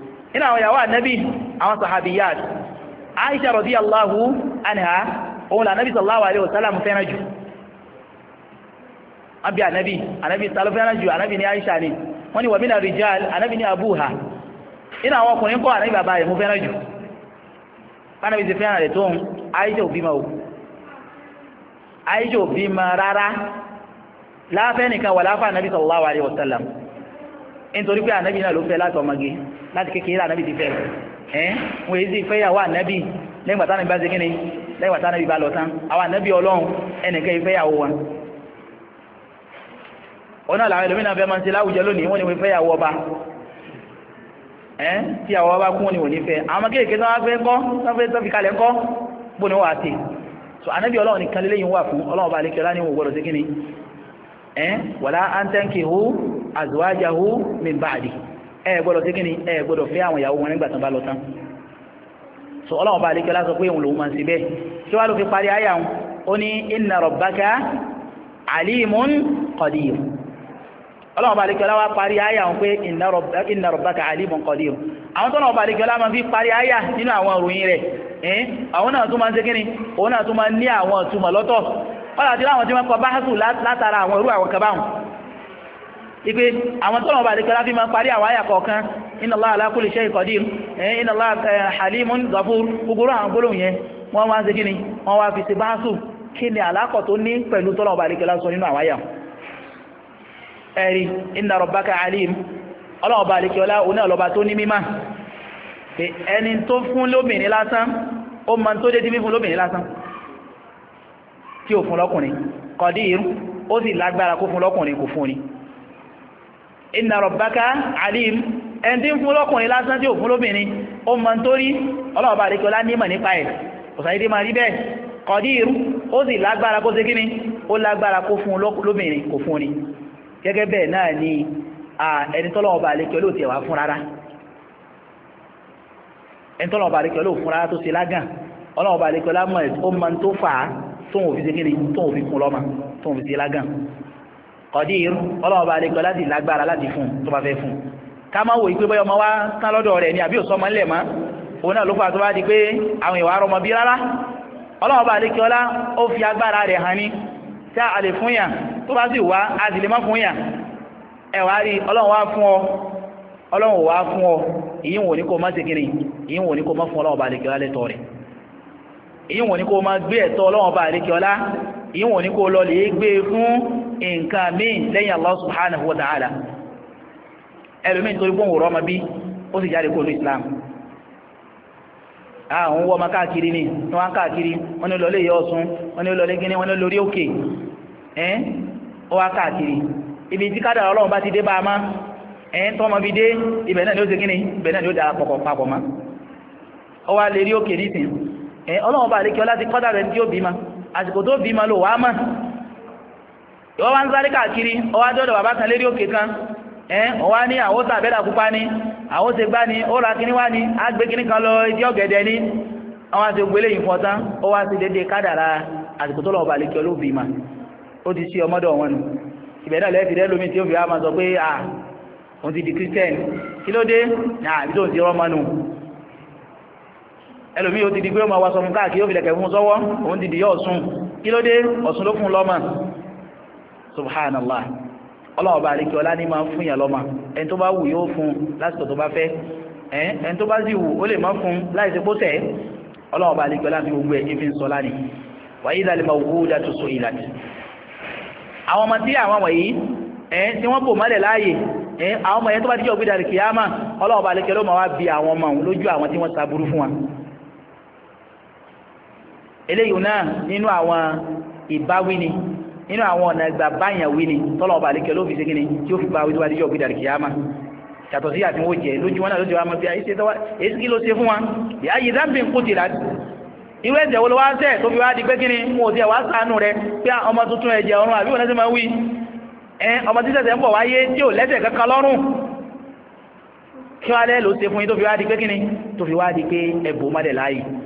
nínú àwọn ìyàwó ànábì àwọn sahabiyat aisha radiyallahu anha òun là ànábì sallallahu alaihi wasallam fẹ́ràn jù wọ́n bí ànábì ànábì sallallahu fẹ́ràn jù ànábì ní aisha ni wọ́n ni wa mina rijal ànábì ní abuha nínú àwọn ọkùnrin kọ́ ànábì bàbá rẹ̀ mú fẹ́ràn jù bánabi ti fẹ́ràn rẹ̀ tó ń aisha òbí ma o aisha òbí ma rárá láfẹ́ nìkan wà láfà ànábì sallallahu alaihi wasallam nítorí pé ànábì náà ló fẹ́ láti ọmọge láti kékeré ànábì ti fẹ́ ẹ́ wọ́n èyí sì fẹ́yàwó ànábì lẹ́yìn wàtá ànábì bá ṣe kíni lẹ́yìn wàtá ànábì bá lọ tán àwọn ànábì ọlọ́run ẹnìkan ìfẹ́yàwó wa ọ̀nà làwọn ẹlòmínà fẹ́ máa ń ṣe láwùjọ lónìí wọ́n ni wọ́n fẹ́yàwó ọba ẹ́ tí àwọn ọba kún wọn ni wọ́n ni wọ́n wà sí so ànábì ọlọ́run nìkan lélẹ́yìn ni wọ́n gbọ́dọ̀ sí hù azwajahu min ba'di ẹ gbọ́dọ̀ sí kíni ẹ gbọ́dọ̀ fẹ́ àwọn ìyàwó wọn nígbà bá lọ so ọlọ́wọ́ bá alékẹ́ lásọ pé òun lòun máa ń ṣe bẹ́ẹ̀ tí wàá ló fi parí ayà wọn ó ní inna rabbaka alimun qadir ọlọ́wọ́ bá alékẹ́ láwá parí ayà wọn pé inna rabbaka alimun qadir àwọn tọ́lọ́wọ́ bá alékẹ́ láwá fi parí ayà nínú àwọn ìròyìn rẹ̀ ẹ́n àwọn náà tún máa ń ṣe kíni òun náà tún máa ń ní àwọn ìtumọ̀ lọ́tọ̀ ọlọ́wọ́ àti láwọn tí wọ́n kọ báhásù ipe àwọn tọ́lọ̀ bá àdékọ́lá fi máa parí àwọn àyà kọ̀ọ̀kan inna Allaha ala kulli shay'in qadir inna Allaha halimun ghafur gbogbo àwọn gbólóhùn yẹn wọ́n wá ń ṣe kíni wọ́n wá fi ṣe báásù kí ni àlákọ̀ tó ní pẹ̀lú tọ́lọ̀ bá àdékọ́lá sọ nínú àwọn ó sì lágbára kó fún lọ́kùnrin kò fún ni inna rabbaka alim ẹni tí ń fún lọ́kùnrin lásán tí ò fún lóbìnrin ó mọ nítorí ọlọ́ọ̀bá àdékọ́lá nímọ̀ nípa ẹ̀ ọ̀sàdédé máa rí bẹ́ẹ̀ qadir ó sì lágbára kó ṣe kíni ó lágbára kó fún lóbìnrin kò fún ni gẹ́gẹ́ bẹ́ẹ̀ náà ni ẹni tọ́lọ́ọ̀bá àdékọ́lá ò tiẹ̀ wá fún rárá ẹ̀ntọ́nà ọba àríkẹ́ ló fúnra tó ṣe lágàn ọlọ́run ọba àríkẹ́ lámọ̀ ó ma tó fà á tóun òfin qadir ọlọ́ọ̀bá alẹ́kọ̀ọ́ láti lágbára láti fún tó bá fẹ́ fún k'ama máa wò ìpé bọ́yọ́ ọmọ wá tán rẹ̀ ni àbí òsọ ma ńlẹ̀ ma. òun náà ló fà tó bá di pé àwọn ìwà ọmọ bí rárá ọlọ́ọ̀bá alẹ́kọ̀ọ́lá ó fi agbára rẹ̀ hàn ní a lè fún yàn tó bá sì wá fún ẹ rí fún ọ ìwọ̀n ní kó lọ lè gbé e fún nǹkan lẹ́yìn Allah subhanahu wa ta'ala Ebe nítorí pé òun ọmọ bí ó sì jáde kó Islam àwọn ah, wọ́n ma káàkiri ni wọ́n á káàkiri wọ́n ní lọlé yọ ọ̀sùn wọ́n ní lọlé gíní wọ́n ní lórí òkè ẹ́n ó wá káàkiri ibi tí kádà ọlọ́run bá ti dé bá a má ẹ́n tọ́mọ dé ibẹ̀ náà ni ó gíní ibẹ̀ náà ni ó dára pọ̀pọ̀ papọ̀ má wá ọ láti kọ́dà rẹ̀ tí ó bí ma àsìkò tó bímọ lò wá mọ̀ ìwọ wá ń sáré káàkiri ọwá dọ́dọ̀ bàbá kan lérí òkè kan ẹ ọwá ní àwọn tàbẹ́dà pupa ni àwọn ti gbá ni ó ra kíní wá ni á gbé kíní kan lọ ìdí ọ̀gẹ̀dẹ̀ ni àwọn àti ògbélé yìí fọ́ tán ó wá sí dédé kádàrá àsìkò tó lọ bàlẹ̀ kí ọlọ́ bímọ ó ti ṣe ọmọdọ̀ wọn nù ìbẹ̀ náà lẹ́ẹ̀fì rẹ́ lómi tí ó fi wá máa sọ pé à òun di kírísítẹ́nì kí ló dé àbí tó ń ti rọ́mọ ẹlòmí yóò ti di pé ó ma wa sọ fún káàkiri ó fi lẹ̀kẹ̀ fún sọ́wọ́ òun ti di yóò sùn kí ló dé ọ̀sùn ló fún lọ́mà subhanallah ọlọ́ọ̀bá àríkẹ́ ọlá ní máa fún yà lọ́mà ẹni tó bá wù yóò fún lásìkò tó bá fẹ́ ẹni tó bá sì wù ó lè má fún láìsí pósẹ̀ ọlọ́ọ̀bá àríkẹ́ so ìlànà àwọn ọmọ tí àwọn wọ̀nyí tí wọ́n bò mọ́lẹ̀ láàyè àwọn ọmọ yẹn tó bá díjọ́ gbé dàrí kìyàmà ọlọ́ọ̀bá ló máa wá bi àwọn ọmọ òun lójú àwọn tí wọ́n saburú fún wa eléyìí náà nínú àwọn ìbáwí ni nínú àwọn ọ̀nà ìgbà báyàn wí ni tọ́lọ̀ ọba àlekẹ́ ló fi ṣe kíni tí ó fi bá wí tó bá díjọ́ gbéra kìí àmà yàtọ̀ sí àti wọ́n jẹ lójú wọn náà lójú wọn máa fi àyè tọ́wọ́ èyí kí ló ṣe fún wa ìyáyí dábìn kú ti láti irú ẹ̀jẹ̀ wo ló wá tẹ̀ tó fi wá di pé kíni mo ò tiẹ̀ wá sànù rẹ pé ah, ọmọ tuntun ẹ̀jẹ̀ ọ̀run àbí wọn ṣe máa wí ẹ ọmọ tí sẹ̀sẹ̀ ń bọ̀ wáyé tí ò lẹ́sẹ̀ kankan lọ́rùn kí wá lẹ́ ló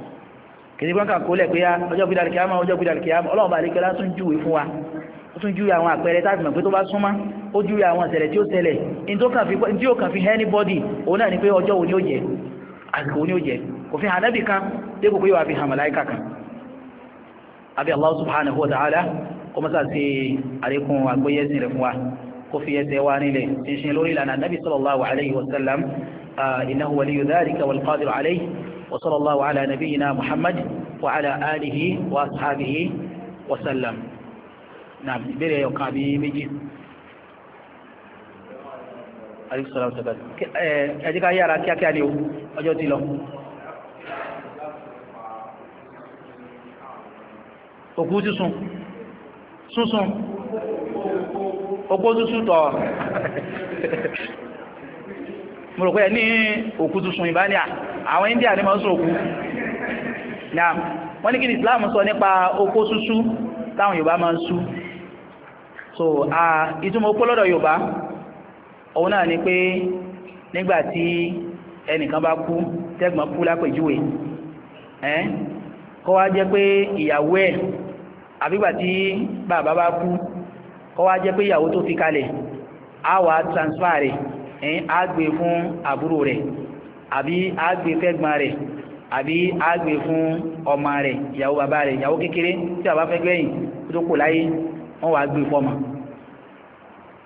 kìí kọ́ńkà kó lẹ̀ pé á ọjọ́ gbé dàlùkì àmọ́ ọjọ́ gbé dàlùkì àmọ́ ọlọ́run bá lè kẹ́lá tún júwe fún wa ó tún júwe àwọn àpẹẹrẹ táàbì mọ̀ pé tó bá súnmọ́ ó júwe àwọn ìṣẹ̀lẹ̀ tí ó ṣẹlẹ̀ tí ó kàn fi anybody òun náà ni pé ọjọ́ wo ni ó jẹ àsìkò wo ni ó jẹ kò fi hàn nábì kan dépò pé wàá fi hàn màláìkà kan àbí Allah subhanahu wa ta'ala kó mọ́sá sí àríkún àgbóyẹ̀sìn rẹ̀ fún wa kó fi ẹsẹ̀ wa nílẹ̀ ṣinṣin lórí ìlànà nábì sallallahu alayhi wa sallam innahu waliyu dhalika wal qadiru alayhi وصلى الله على نبينا محمد وعلى آله وأصحابه وسلم نعم بلا يقابي ميجي. عليه الصلاة والسلام أجيك يا راكي أكي عليه أجوتي له òkú sísun súnsún òkú sísun tọ̀ mo rò pé ní òkú tuntun ìbá ní àwọn India ní máa ń sọ òkú na wọ́n ní kí ni Islam sọ nípa okó súsú táwọn Yorùbá máa ń sú so ìtumọ̀ okó lọ́dọ̀ Yorùbá òun náà ni pé nígbà tí ẹnìkan bá kú tẹ́gbọ̀n kú lápèjúwe ẹ́n kọ́ wá jẹ́ pé ìyàwó ẹ̀ àbígbà tí bàbá bá kú kọ́ wá jẹ́ pé ìyàwó tó fi kalẹ̀ á wà transfer rẹ̀ ẹ̀yìn agbè fún àbúrò rẹ̀ àbí àgbè fẹ́gbọ́n rẹ̀ àbí agbè fún ọmọ rẹ̀ ìyàwó bàbá rẹ̀ ìyàwó kékeré tí a bá fẹ́ gbẹ̀yìn tó kò láyé wọ́n wàá gbé fọ́mọ.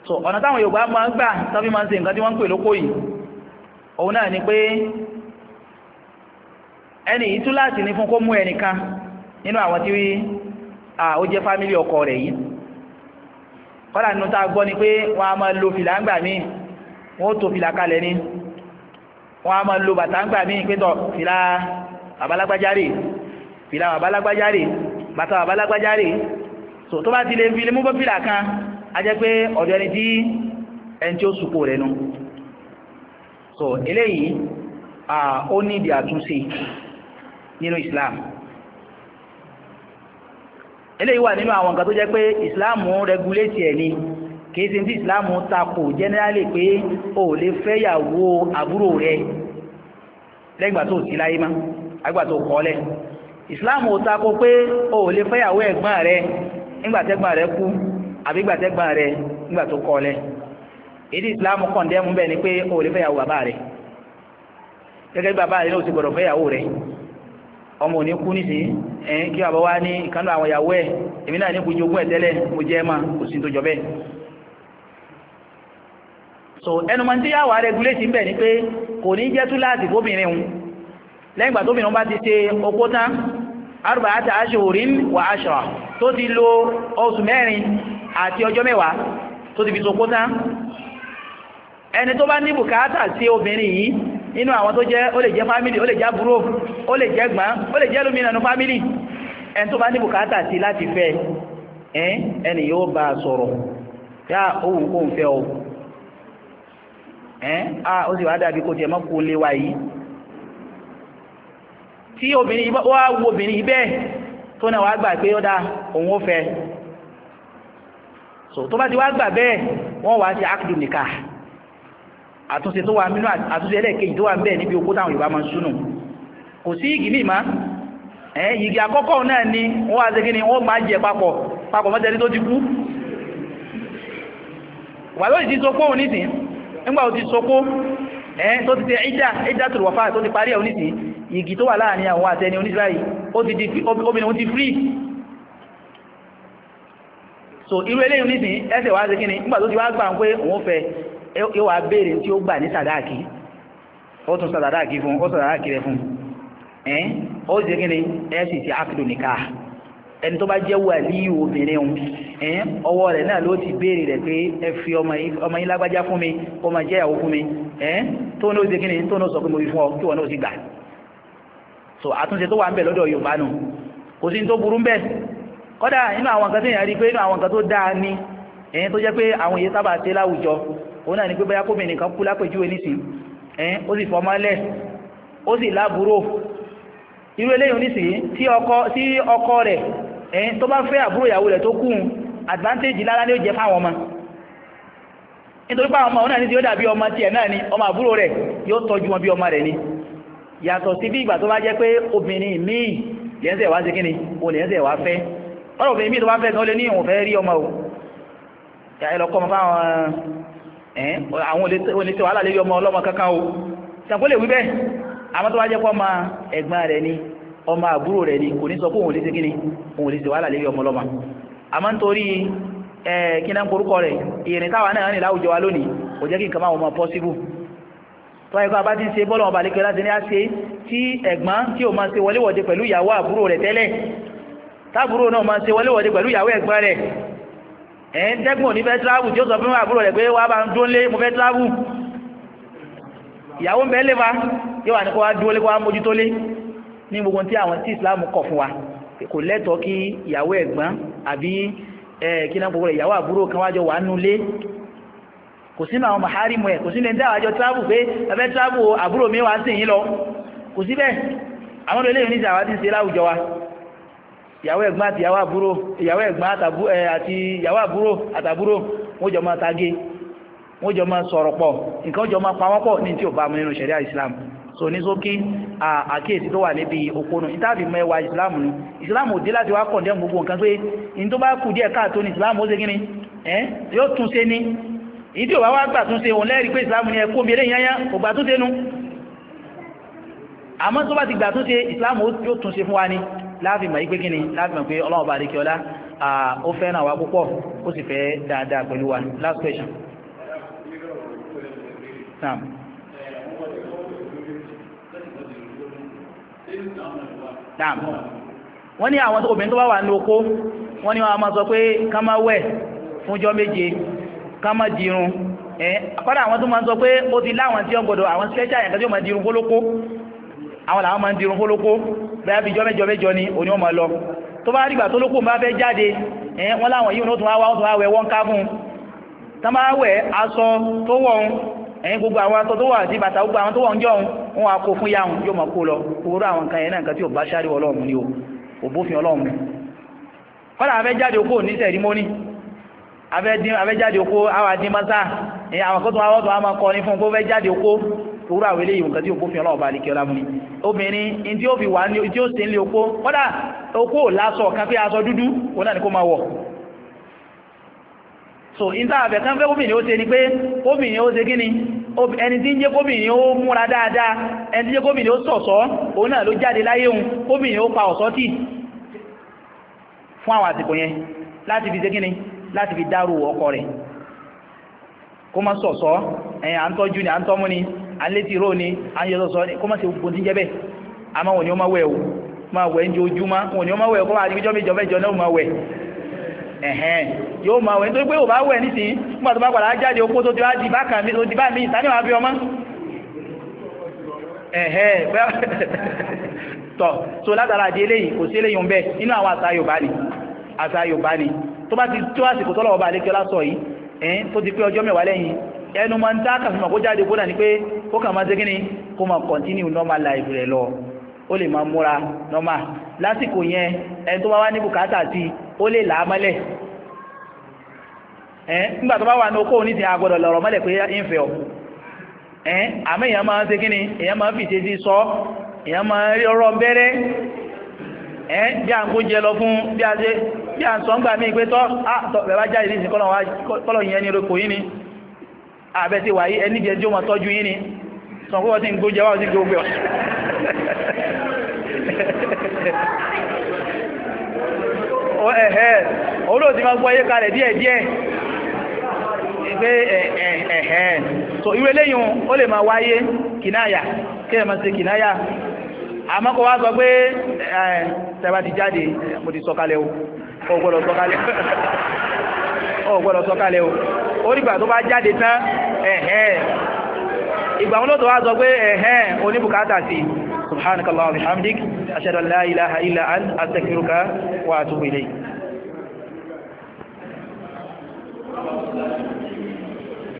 so ọ̀nà táwọn Yorùbá máa ń gbà tábí máa ń ṣe nǹkan tí wọ́n ń pè lóko yìí òun náà ni pé ẹni yìí tún ọkọ rẹ̀ yìí kọ́lá nínú tá a gbọ́ ni pé wọ́n á wọ́n tó fìlà kalẹ̀ ni wọ́n á máa lo bàtà ń gbà mí pétọ̀ fìlà babalágbájárì fìlà babalágbájárì bàtà babalágbájárì so tó bá ti lè fìlè mú bọ́ fìlà kan a jẹ́ pé ọ̀dọ̀ ẹni tí ẹni tí ó sùpò rẹ̀ nu so eléyìí ó ní ìdí àtúnṣe nínú Islam eléyìí wà nínú àwọn nǹkan tó jẹ́ pé Islam rẹgulétì ẹ̀ ni. kìí ṣe ní ìsìláàmù takò jẹ́nẹ́rálì pé o lè fẹ́yàwó àbúrò rẹ lẹ́gbà tó láyé má àgbà tó ìsìláàmù takò pé o lè fẹ́yàwó ẹ̀gbọ́n rẹ nígbàtẹ́gbọ́n rẹ kú àbí gbàtẹ́gbọ́n rẹ tó kọ́lẹ̀ ìsìláàmù kọ̀ndẹ́mù pé o lè fẹ́yàwó bàbá rẹ gẹ́gẹ́ bí bàbá kú so ẹnu mọ́ tí yàwó regulation bẹ̀ ni pé kò ní jẹ́ tú láti gómìnrin un lẹ́yìn ìgbà tómìnrin bá ti ṣe okó tán arúgbà àti aṣòrin wà aṣọ tó ti lo oṣù mẹ́rin àti ọjọ́ mẹ́wàá tó ti fi sokó tán ẹni tó bá ní bùkátà sí obìnrin yìí nínú àwọn tó jẹ́ ó lè jẹ́ fámílì ó lè jẹ́ búrò ó lè jẹ́ gbọ́n ó lè jẹ́ lómìnànú fámílì ẹni tó bá ní bùkátà sí láti fẹ́ ẹni yóò bá sọ̀rọ̀ yá òun kò ń fẹ́ o ẹ́ a ó sì wá dàbí kò tiẹ̀ mọ́ kó lé wa yìí tí obìnrin wá wo obìnrin yìí tó náà wá gbà pé ó dá òun ó fẹ́ so tó bá ti wá gbà bẹ́ẹ̀ wọ́n wá sí akdu nikah àtúnṣe tó wà nínú àtúnṣe ẹlẹ́ẹ̀kejì tó wà ń níbi okó táwọn Yorùbá máa ń súnù kò sí igi míì ma ẹ̀ igi àkọ́kọ́ náà ni wọ́n wá segin ni wọ́n máa jẹ papọ̀ papọ̀ mọ́tẹ́ni tó ti ti nígbà tó ti sokó ẹ́ tó ti tẹ ìdá ìdá tó wọ̀fà tó ti parí ẹ̀ oníṣìí igi tó wà láàrin àwọn àtẹni oníṣìláyìí ó ti di obìnrin wọn ti free so irú eléyìí oníṣìí ẹsẹ̀ wá sí kíni nígbà tó ti wá gbà ń pé òun fẹ́ yóò wá béèrè tí ó gbà ní sàdáàkì ó tún sàdáàkì fún ó sì kíni ẹ̀ sì ti ákìlò nìkan ẹni tó bá jẹ́ wàlí obìnrin òun ẹ̀yìn ọwọ́ rẹ̀ náà ló ti béèrè rẹ̀ pé ẹ fi ọmọ yín lágbájá fún mi ó máa jẹ́ ìyàwó fún mi ẹ̀yìn tó ní ó ṣe kíni tó ní ó sọ fún ọ kí wọn náà sì gbà so àtúnṣe tó wà ń bẹ lọ́dọ̀ Yorùbá nù kò sí ní tó burú ń bẹ kódà inú àwọn nǹkan tó yàn rí pé inú àwọn nǹkan tó dáa ni ẹ̀yìn tó jẹ́ pé àwọn èyí sábà ṣe láwùjọ irú eléyìí onísìn tí ọkọ rẹ̀ ẹ̀yìn tó bá fẹ́ àbúrò ìyàwó rẹ̀ tó kú advantage lára ní ó jẹ fáwọn ọmọ nítorí pé àwọn ọmọ náà ní tí ó dàbí ọmọ tiẹ̀ náà ni ọmọ àbúrò rẹ̀ yóò tọ́jú wọn bí ọmọ rẹ̀ ni yàtọ̀ sí bí ìgbà tó bá jẹ́ pé obìnrin míì lẹ́yìnsẹ̀ wá sí kí ni o lẹ́yìnsẹ̀ wá fẹ́ ọ̀rọ̀ obìnrin míì tó bá fẹ́ gan lé ní òun fẹ́ rí ọmọ o yàrá lọ kọ́ ọmọ fáwọn o ṣàkólè wí bẹ́ẹ̀ àmọ́ tó bá jẹ́ pé ọmọ ẹ̀gbọ́n rẹ̀ ni ọmọ àbúrò rẹ̀ ni kò ní sọ pé òun lè ṣe kíni òun lè ṣe wàhálà lórí ọmọ ọlọ́mọ àmọ́ nítorí kí náà ń korúkọ rẹ̀ ìrìn táwa náà rìn láwùjọ wa lónìí kò jẹ́ kí nǹkan máa wọ́n mọ pọ́síbù tó ẹ̀kọ́ abá ti ń ṣe bọ́lọ̀ ọba lẹ́kẹ́ láti ní á ṣe tí ẹ̀gbọ́n tí ò máa ṣe wọléwọ̀de pẹ̀lú ìyàwó àbúrò rẹ̀ tẹ́lẹ̀ táàbúrò náà máa ṣe wọléwọ̀de pẹ̀lú ìyàwó ẹ̀gbọ́n rẹ̀ ẹ̀ ń tẹ́gbọ̀n ní fẹ́ tíráàbù tí ó sọ fún àbúrò rẹ̀ pé wà bá ń dún mo fẹ́ tíráàbù ìyàwó ń bẹ́ẹ̀ lé wa yóò wà ní kó wá dún kó wá mójútó lé ní gbogbo tí àwọn tí islam kọ̀ fún wa kò lẹ́tọ̀ọ́ kí ìyàwó ẹ̀gbọ́n àbí kí náà gbogbo ìyàwó àbúrò kan wájọ wà nulẹ̀ kò sínú àwọn mahari mu ẹ̀ kò sínú ẹni tí àwọn àjọ tíráàbù pé ẹfẹ́ tíráàbù àbúrò mi wá sí yín lọ kò sí bẹ́ẹ̀ àwọn olè ní ìjà àwádìí ṣe láwùjọ wa ìyàwó ẹ̀gbọ́n àti ìyàwó àbúrò àtàbúrò wọ́n jọ máa tage wọ́n jọ máa sọ̀rọ̀ pọ̀ nǹkan jọ máa pa wọ́n pọ̀ ní tí ò bá mu nínú ṣẹ̀ríà Islam so ní sókí àkíyèsí tó wà níbi òpónú ìtàbí mẹ́wàá ìsìláàmù ni ìsìláàmù ò dé láti wá kọ̀ndẹ́mù gbogbo nǹkan pé ní tó bá kù díẹ̀ káàtó ní ìsìláàmù ó ṣe kí ni ẹ́ yóò tún ṣe ní ìdí ò wá wá gbà tún ṣe òun lẹ́rìí pé ìsìláàmù ni ẹkú obìnrin yányá kò gbà tún ṣe nu àmọ́ tó bá ti gbà tún ṣe ìsìláàmù yóò tún ṣe fún wa last question. Sam. wọ́n ní àwọn obìnrin tó bá wà ní oko wọ́n ní wọ́n máa sọ pé ká má wẹ̀ fúnjọ́ méje ká má dirun ẹ̀ kọ́dà àwọn tó máa sọ pé ó ti láwọn tí ó gbọ́dọ̀ àwọn special yẹn kájọ́ máa dirun fólókó àwọn làwọn máa dirun fólókó bẹ́ẹ̀ bí jọ́ mẹ́jọ ni òní wọ́n máa lọ tó bá rí ìgbà tó lókù bá fẹ́ jáde ẹ̀ wọ́n láwọn yìí wọn tó wá wá wọn tó wá wẹ̀ wọ́n ká fún un tá máa wẹ̀ aṣọ tó wọ̀ ẹ̀yin gbogbo àwọn aṣọ tó wà àti bàtà gbogbo àwọn tó wà ń jọ òun wọn kó fún yáhùn yóò mọ̀ kó lọ òwúrọ̀ àwọn nǹkan yẹn náà nǹkan tí ò bá ṣáàrí ọlọ́run ni o òbófin ọlọ́run ni kọ́lá afẹ́ jáde okó ní sẹ̀rímọ́nì afẹ́ jáde okó àwọn àdín mọ́sá àwọn kótó àwọn ọ̀tọ̀ àmọ́ kọ́ ní fún kó fẹ́ jáde okó òwúrọ̀ àwọn eléyìí nǹkan tí òbófin ọlọ́run bá lè kí ọlá mú ni obìnrin tí ó fi wà ní tí ó sì ń lé so ìta àbẹ̀kan fẹ́ gómìnà ó ṣe ni pé gómìnà ó ṣe kí ni ẹni tí ń jẹ́ gómìnà ó múra dáadáa ẹni tí jẹ́ gómìnà ó ṣọ̀ṣọ́ òun náà ló jáde láyé òun gómìnà ó pa ọ̀ṣọ́ tì fún àwọn àsìkò yẹn láti fi ṣe kí ni láti fi dárò ọkọ rẹ̀ kó má ṣọ̀ṣọ́ ẹ̀yìn à ń tọ́jú ni à ń tọ́mú ni à ń létí ìró ni à ń yọ ṣọ̀ṣọ́ ni kó má ṣe gbogbo tí ń jẹ́ bẹ́ẹ̀ àmọ́ wọn ni ó má wẹ̀ o má wẹ̀ ń jojúmọ́ wọn ni ó má wẹ̀ kó má àdìgbẹ́jọ́ méjọ mẹ́jọ náà má wẹ̀ ẹ̀hẹ́n yóò máa wẹ̀ nítorí pé ò bá wẹ̀ nísìnyí nígbà tó bá padà jáde okó tó ti wá di bákan mi tó di bá mi ìta ní wàá bí ọmọ ẹ̀hẹ́n tọ̀ so látara àti eléyìí kò sí eléyìí ń bẹ nínú àwọn àṣà Yorùbá ni àṣà Yorùbá ni tó bá ti tó àsìkò tọ́lọ̀ ọba àlékiọlá sọ yìí ẹ̀ẹ́n tó ti pé ọjọ́ mẹ́wàá lẹ́yìn ẹnu máa ń dá kàfihàn kó jáde kó dà ní pé kó kà máa ṣe kíni kó máa continue normal life rẹ̀ lọ ó lè normal lásìkò yẹn ẹni tó bá wá ní bùkátà sí ó lè là á mọ́lẹ̀ ẹ̀ nígbà tó bá wà ní okó ní ti agbọ́dọ̀ lọ̀rọ̀ mọ́lẹ̀ pé ń fẹ́ ma àmì máa ń kíni máa ń sí sọ èèyàn máa ń rí ọ̀rọ̀ bẹ́rẹ́ ẹ̀ bí à ń lọ fún bí a ṣe bí à ń sọ ń gbà mí pé tọ́ àtọ̀ jáde wà ẹ̀hẹ́ eh, olóòtí eh, máa gbọ́ ayé kalẹ̀ díẹ̀ díẹ̀ ẹ̀hẹ́ eh, so irú eléyìn o lè máa wáyé kìnáyà kí ẹ ma ṣe kìnáyà àmọ́ wá sọ pé tẹ́bà jáde mo ti sọkalẹ̀ o ò gbọ́dọ̀ o nígbà tó bá jáde tán ẹ̀hẹ́ ìgbà wọn سبحانك الله وبحمدك أشهد أن لا إله إلا أنت أستغفرك وأتوب إليك